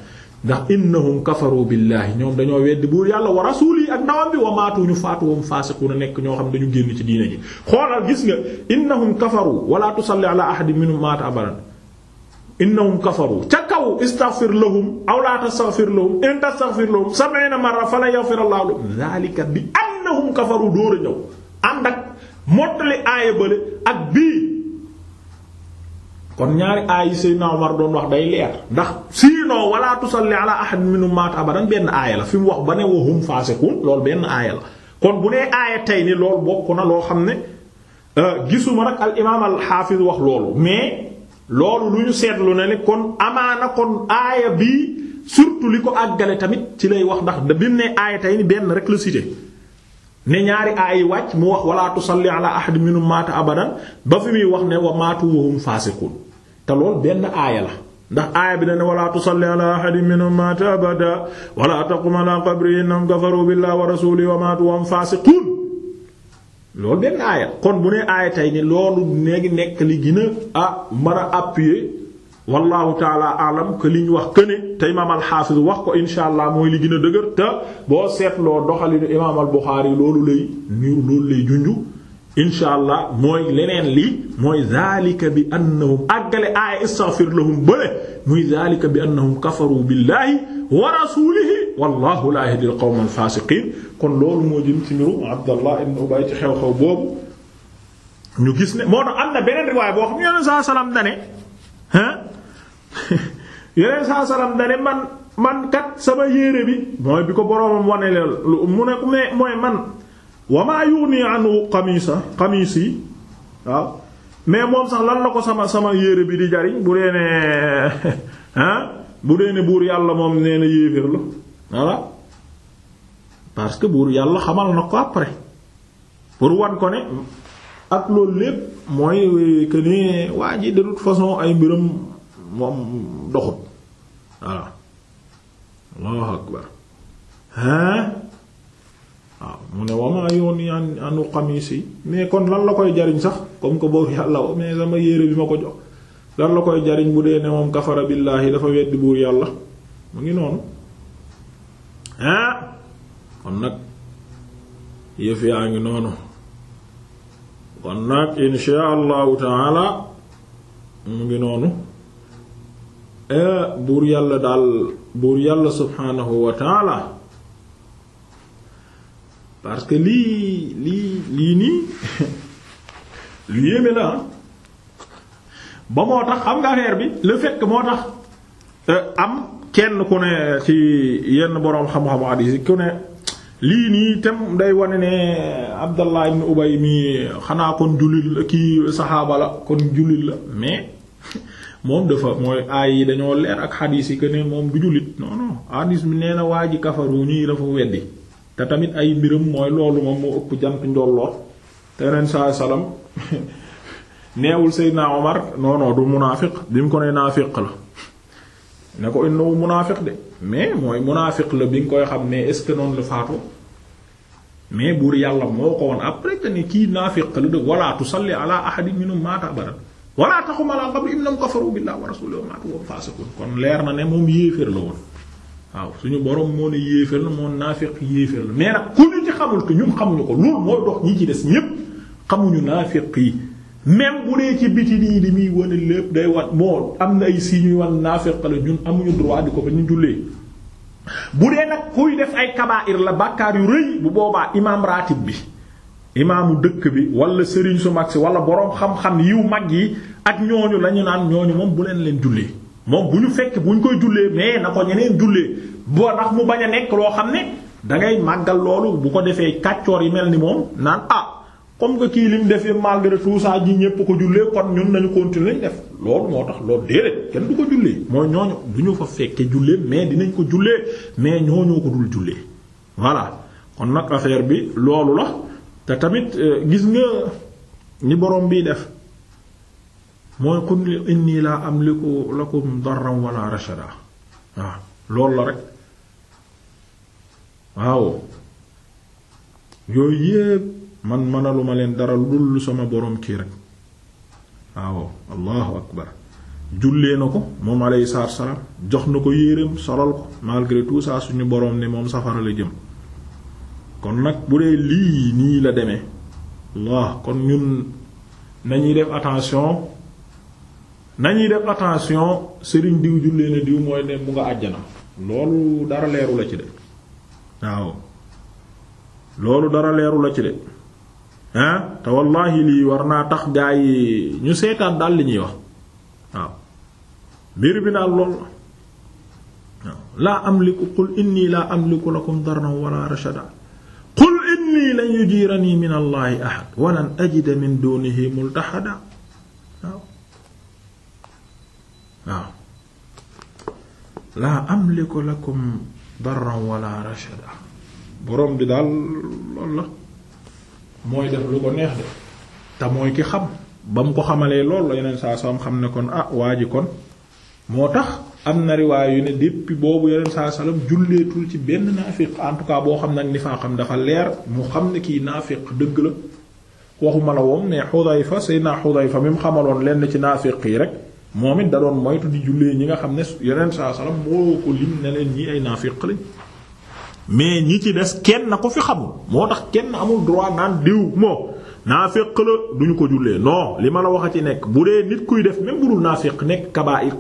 ndax innahum kafaru billahi ñoom dañoo weddi buur yàlla wa rasuuli ak ndawam bi wa maatu ñu faatu wam faasiquna nekk ñoo xam dañu génn ci diina ji xoolal gis nga innahum kafaru wala tusalli ala ahadin minhum maata abadan innahum kafaru ca kaw istaghfir la tastaghfir lahum in tastaghfir lahum sab'ina marra falan yaghfira allahu lahum dhalika bi annahum kafaru door a ñëw ànd ak mottali aaya ak bii kon ñaari aay Seydina Omar doon wax day leer ndax sinon wala tusalli ala ahad minhum maata abadan benn aaya la fi mu wax ba ne wahum faasiqun loolu benn aaya kon bu tey ni loolu loo xam ne euh, gisuma nag al imaam al wax loolu mais loolu lu ñu seetlu ne ne kon amaana kon aaya bii surtout li ko àggale tamit ci lay wax ndax da bi benn rek la ñaari aay wàcc mu wax wala tusalli ala ahad minhum ba fi muy wax ne wa maatu wahum faasiqun te lool benn aaya la ndax aaya bi dana wala tusalli ala ahadin minhum mata abada wala taqum ala qabri innahum kafaru billahi wa rasulihi wa matu wa hum fasiqun benn aaya kon bu nee aaya tey ni loolu neegi nekk li gën a ah mën a appuyer alam que li ñu wax que te imaam alxaafis wax ko insha allah mooy li gën dëgër te boo seetloo doxalinu imaam al loolu lay niru loolu lay junju incha allah mooy leneen li mooy zalika bi annahum àggale aaya istaghfir lahum bële muy zalika bi annahum kafaru billahi wa rasulihi la yahdi al qawma kon loolu moo jëm ci mbiru abdallah ibn beneen riwaay boo xam ne yoneen saa salaam dane man kat sama yére bi mooy bi ko boroomam wane leen lu mu ne mooy man wa maa yugni anhu qamisa qamisi waaw mais moom sax lan la ko sama sama yére bi di jariñ bu dee ne ah bu dee ne buur yàlla moom nee na yéeféer la voilà parce que buur yàlla xamal na ko après pour wan ko ne ak loolu lépp mooy que ne waa ji de toute façon ay mbiram moom doxut voilà allahu akbar hein waaw mu ne wamaa yooni an anu xamiisi mais kon lan la koy jariñ sax comme que boobu yàlla wa mais sama yére bi ma ko jox lan la koy jariñ bu dee ne moom kafara billaahi dafa weddi buur yàlla mu ngi noonu ah kon nag yëf yaa ngi noonu kon nag insha allahu taala mu ngi noonu eh, buur yàlla daal buur yàlla subhaanahu wa taala parce que lii lii lii nii lu yéeme la ah. ba moo tax xam nga affaire bi le fait moo tax euh, am kenn ku ne ci yenn boroom xam-xamu hadiis ku ne lii nii tam day wane ne Abdallah ibn Ubay mi xanaa kon jullit la kii saxaaba la kon jullit la mais moom dafa mooy aay yi dañoo leer ak hadiis yi que ne moom du jullit non non bi nee na waa ji kafaru ñuy dafa weddi. te tamit ay mbiram mooy loolu moom moo ëpp jant njolloor te yeneen saa salaam neewul Seydina Omar non du munaafiq bi mu ko ne naafiq la ne ko innahu munaafiq de mais mooy munaafiq la bi nga koy xam ne est-ce que noonu la faatu mais buur yàlla moo ko woon après que ne kii naafiq la de wala tusalli ala ahadin minhum maata abadan wala taqum ala qabri innahum kafaru billahi wa rasulihi wa maatu wa fasiqun kon leer na ne moom yéeféer la woon. waaw suñu borom moo ne yéeféer la moo naafiq yéeféer la mais nag ku ñu ci xamul te ñun xamuñu ko loolu mooy dox ñi ci des ñépp xamuñu naafiq yi même bu dee ci biti nii li muy wane lépp day wat moo am na ay signes yu wan naafiq la ñun amuñu droit di ko ba ñu jullee bu dee nag kuy def ay kabaa'ir la bàkkaar yu rëy bu boobaa imaam ratib bi imaamu dëkk bi walla sëriñ su mag si wala boroom xam-xam yiw mag yi ak ñooñu lañu naan ñooñu moom bu leen leen jullee moom bu ñu fekkee bu ñu koy jullee mais na ko ñeneen jullee boo tax mu bañ a nekk loo xam ne dangay màggal loolu bu ko defee kàccoor yi mel ni moom naan ah comme que kii lim defee malgré tout ça ji ñépp ko jullee kon ñun nañu continuer def moo tax loolu kenn ko jullee mooy ñooñu du ñu fa fekkee jullee mais dinañ ko jullee mais ñooñoo ko dul jullee voilà kon nag affaire bi loolu la te tamit euh, gis nga ni borom bii def. mooy qul inni laa amliku lakum darran wala rashada waaw loolu la rek waaw yooyu yépp man mënaluma leen dara lu sama boroom kii rek waaw allahu akbar jullee na ko moom alayhi salaatu salaam jox na ko yéreem solal ko malgré tout ça suñu boroom ne moom safara la jëm kon nag bu dee lii nii la demee allah kon ñun nañuy def attention nañuy def attention sëriñ diw jullee na diw mooy ne mu nga àjjana loolu dara leeru la ci de waaw loolu dara leeru la ci de ah te wallaahi lii war naa tax gaa yi ñu seetaan daal li ñuy wax waaw mbir bi daal lool waaw laa amliku qul inni laa amliku lakum darran wala rashada qul inni lan yujirani min allahi ahad walan ajida min dunihi multahada waaw waaw laa amliku lakum darran wala rashada borom bi daal lool la mooy def lu ko neex de te mooy ki xam ba mu ko xamalee lool la yeneen saa salaam xam ne kon ah waa ji kon moo tax am na riwaay yu ne depuis boobu yeneen saa salaam julleetul ci benn naafiq en tout cas boo xam nag ni faa xam dafa leer mu xam ne kii naafiq dëgg la waxuma la woon ne Xudayfa Seydina Xudayfa mi mu xamaloon lenn ci naafiq yi rek. moom it da doon moytu di jullee ñi nga xam ne yeneen saa moo ko lim ne leen ñii ay naafiq lañ mais ñi ci des kenn na ko fi xamul moo tax kenn amul droit naan diw moo naafiq la duñu ko jullee non li ma la wax a ci nekk bu dee nit kuy def même bu dul naafiq nekk kabaa'ir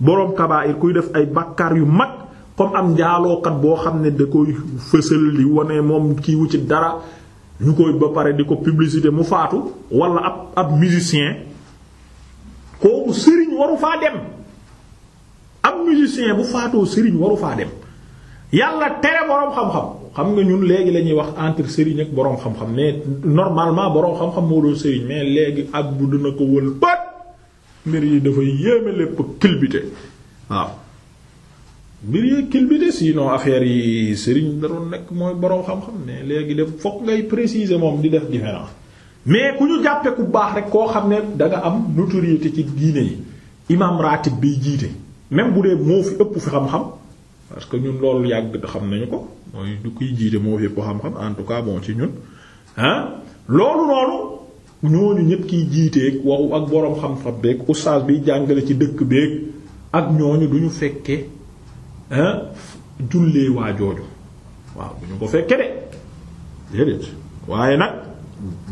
boroom kabaa'ir kuy def ay bakkaar yu mag comme am njaalookat boo xam ne da koy fësal li wone moom kiiwu ci dara ñu koy ba pare di ko publicité mu faatu walla ab ab musicien. kooku sëriñ waru faa dem am musicien bu faatoo sëriñ waru faa dem yàlla tere boroom xam-xam xam nga ñun léegi la ñuy wax entre sëriñ ak boroom xam-xam mais normalement boroom xam-xam moo doon sëriñ mais léegi ak bu dina ko wël bët mbir yi dafa yéeme lépp kilbite waaw mbir yi kilbite sinon affaire yi sëriñ da doon nekk mooy boroom xam-xam mais léegi def fokk ngay préciser moom di def différence mais ku ñu jàppe ku baax rek koo xam ne danga am notoriété ci diine yi imam ratib biy jiite même bu dee moo fi ëpp fi xam-xam parce que ñun loolu yàgg xam nañu ko mooy du koy jiite moo fi ëpp xam en tout cas bon ci ñun ah loolu noonu ñooñu ñëpp kiy jiiteeg waxu ak boroom xam-xam beeg oustaz biy jàngale ci dëkk beeg ak ñooñu du ñu fekke jullee waa jooju waaw du ñu ko fekke de déedéet waaye nag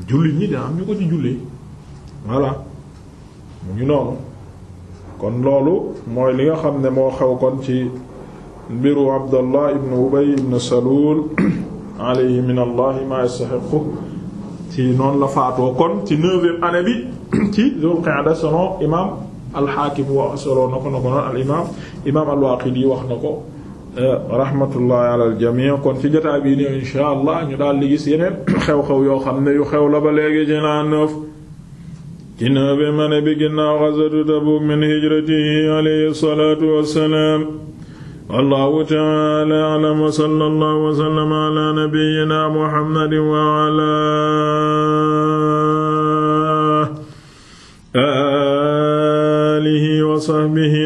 jullit ñi dina am ah. ñu ko ci jullee voilà mu ngi noonu kon loolu mooy li nga xam ne moo xew kon ci mbiru Abdallah ibn Ubay ibn Salul alayhi min ma yastahiqu ci noonu la faatoo kon ci neuvième année bi ci Dul Qa'da selon imam al-Hakim wa selon na ko na ko wax na ko rahmatullahi ala aljamii kon ci jotaay bii nii insha allah ñu daal di gis yeneen xew-xew yoo xam ne yu xew la ba léegi ci naa nëf ci nëf bi ma ne bi ginnaaw ghazwatu Tabuk min hijratihi alayhi salaatu wassalaam wallahu ta'ala a'lam wa sallallahu wa sallama ala nabiyyina muhammadin wa ala alihi wa sahbihi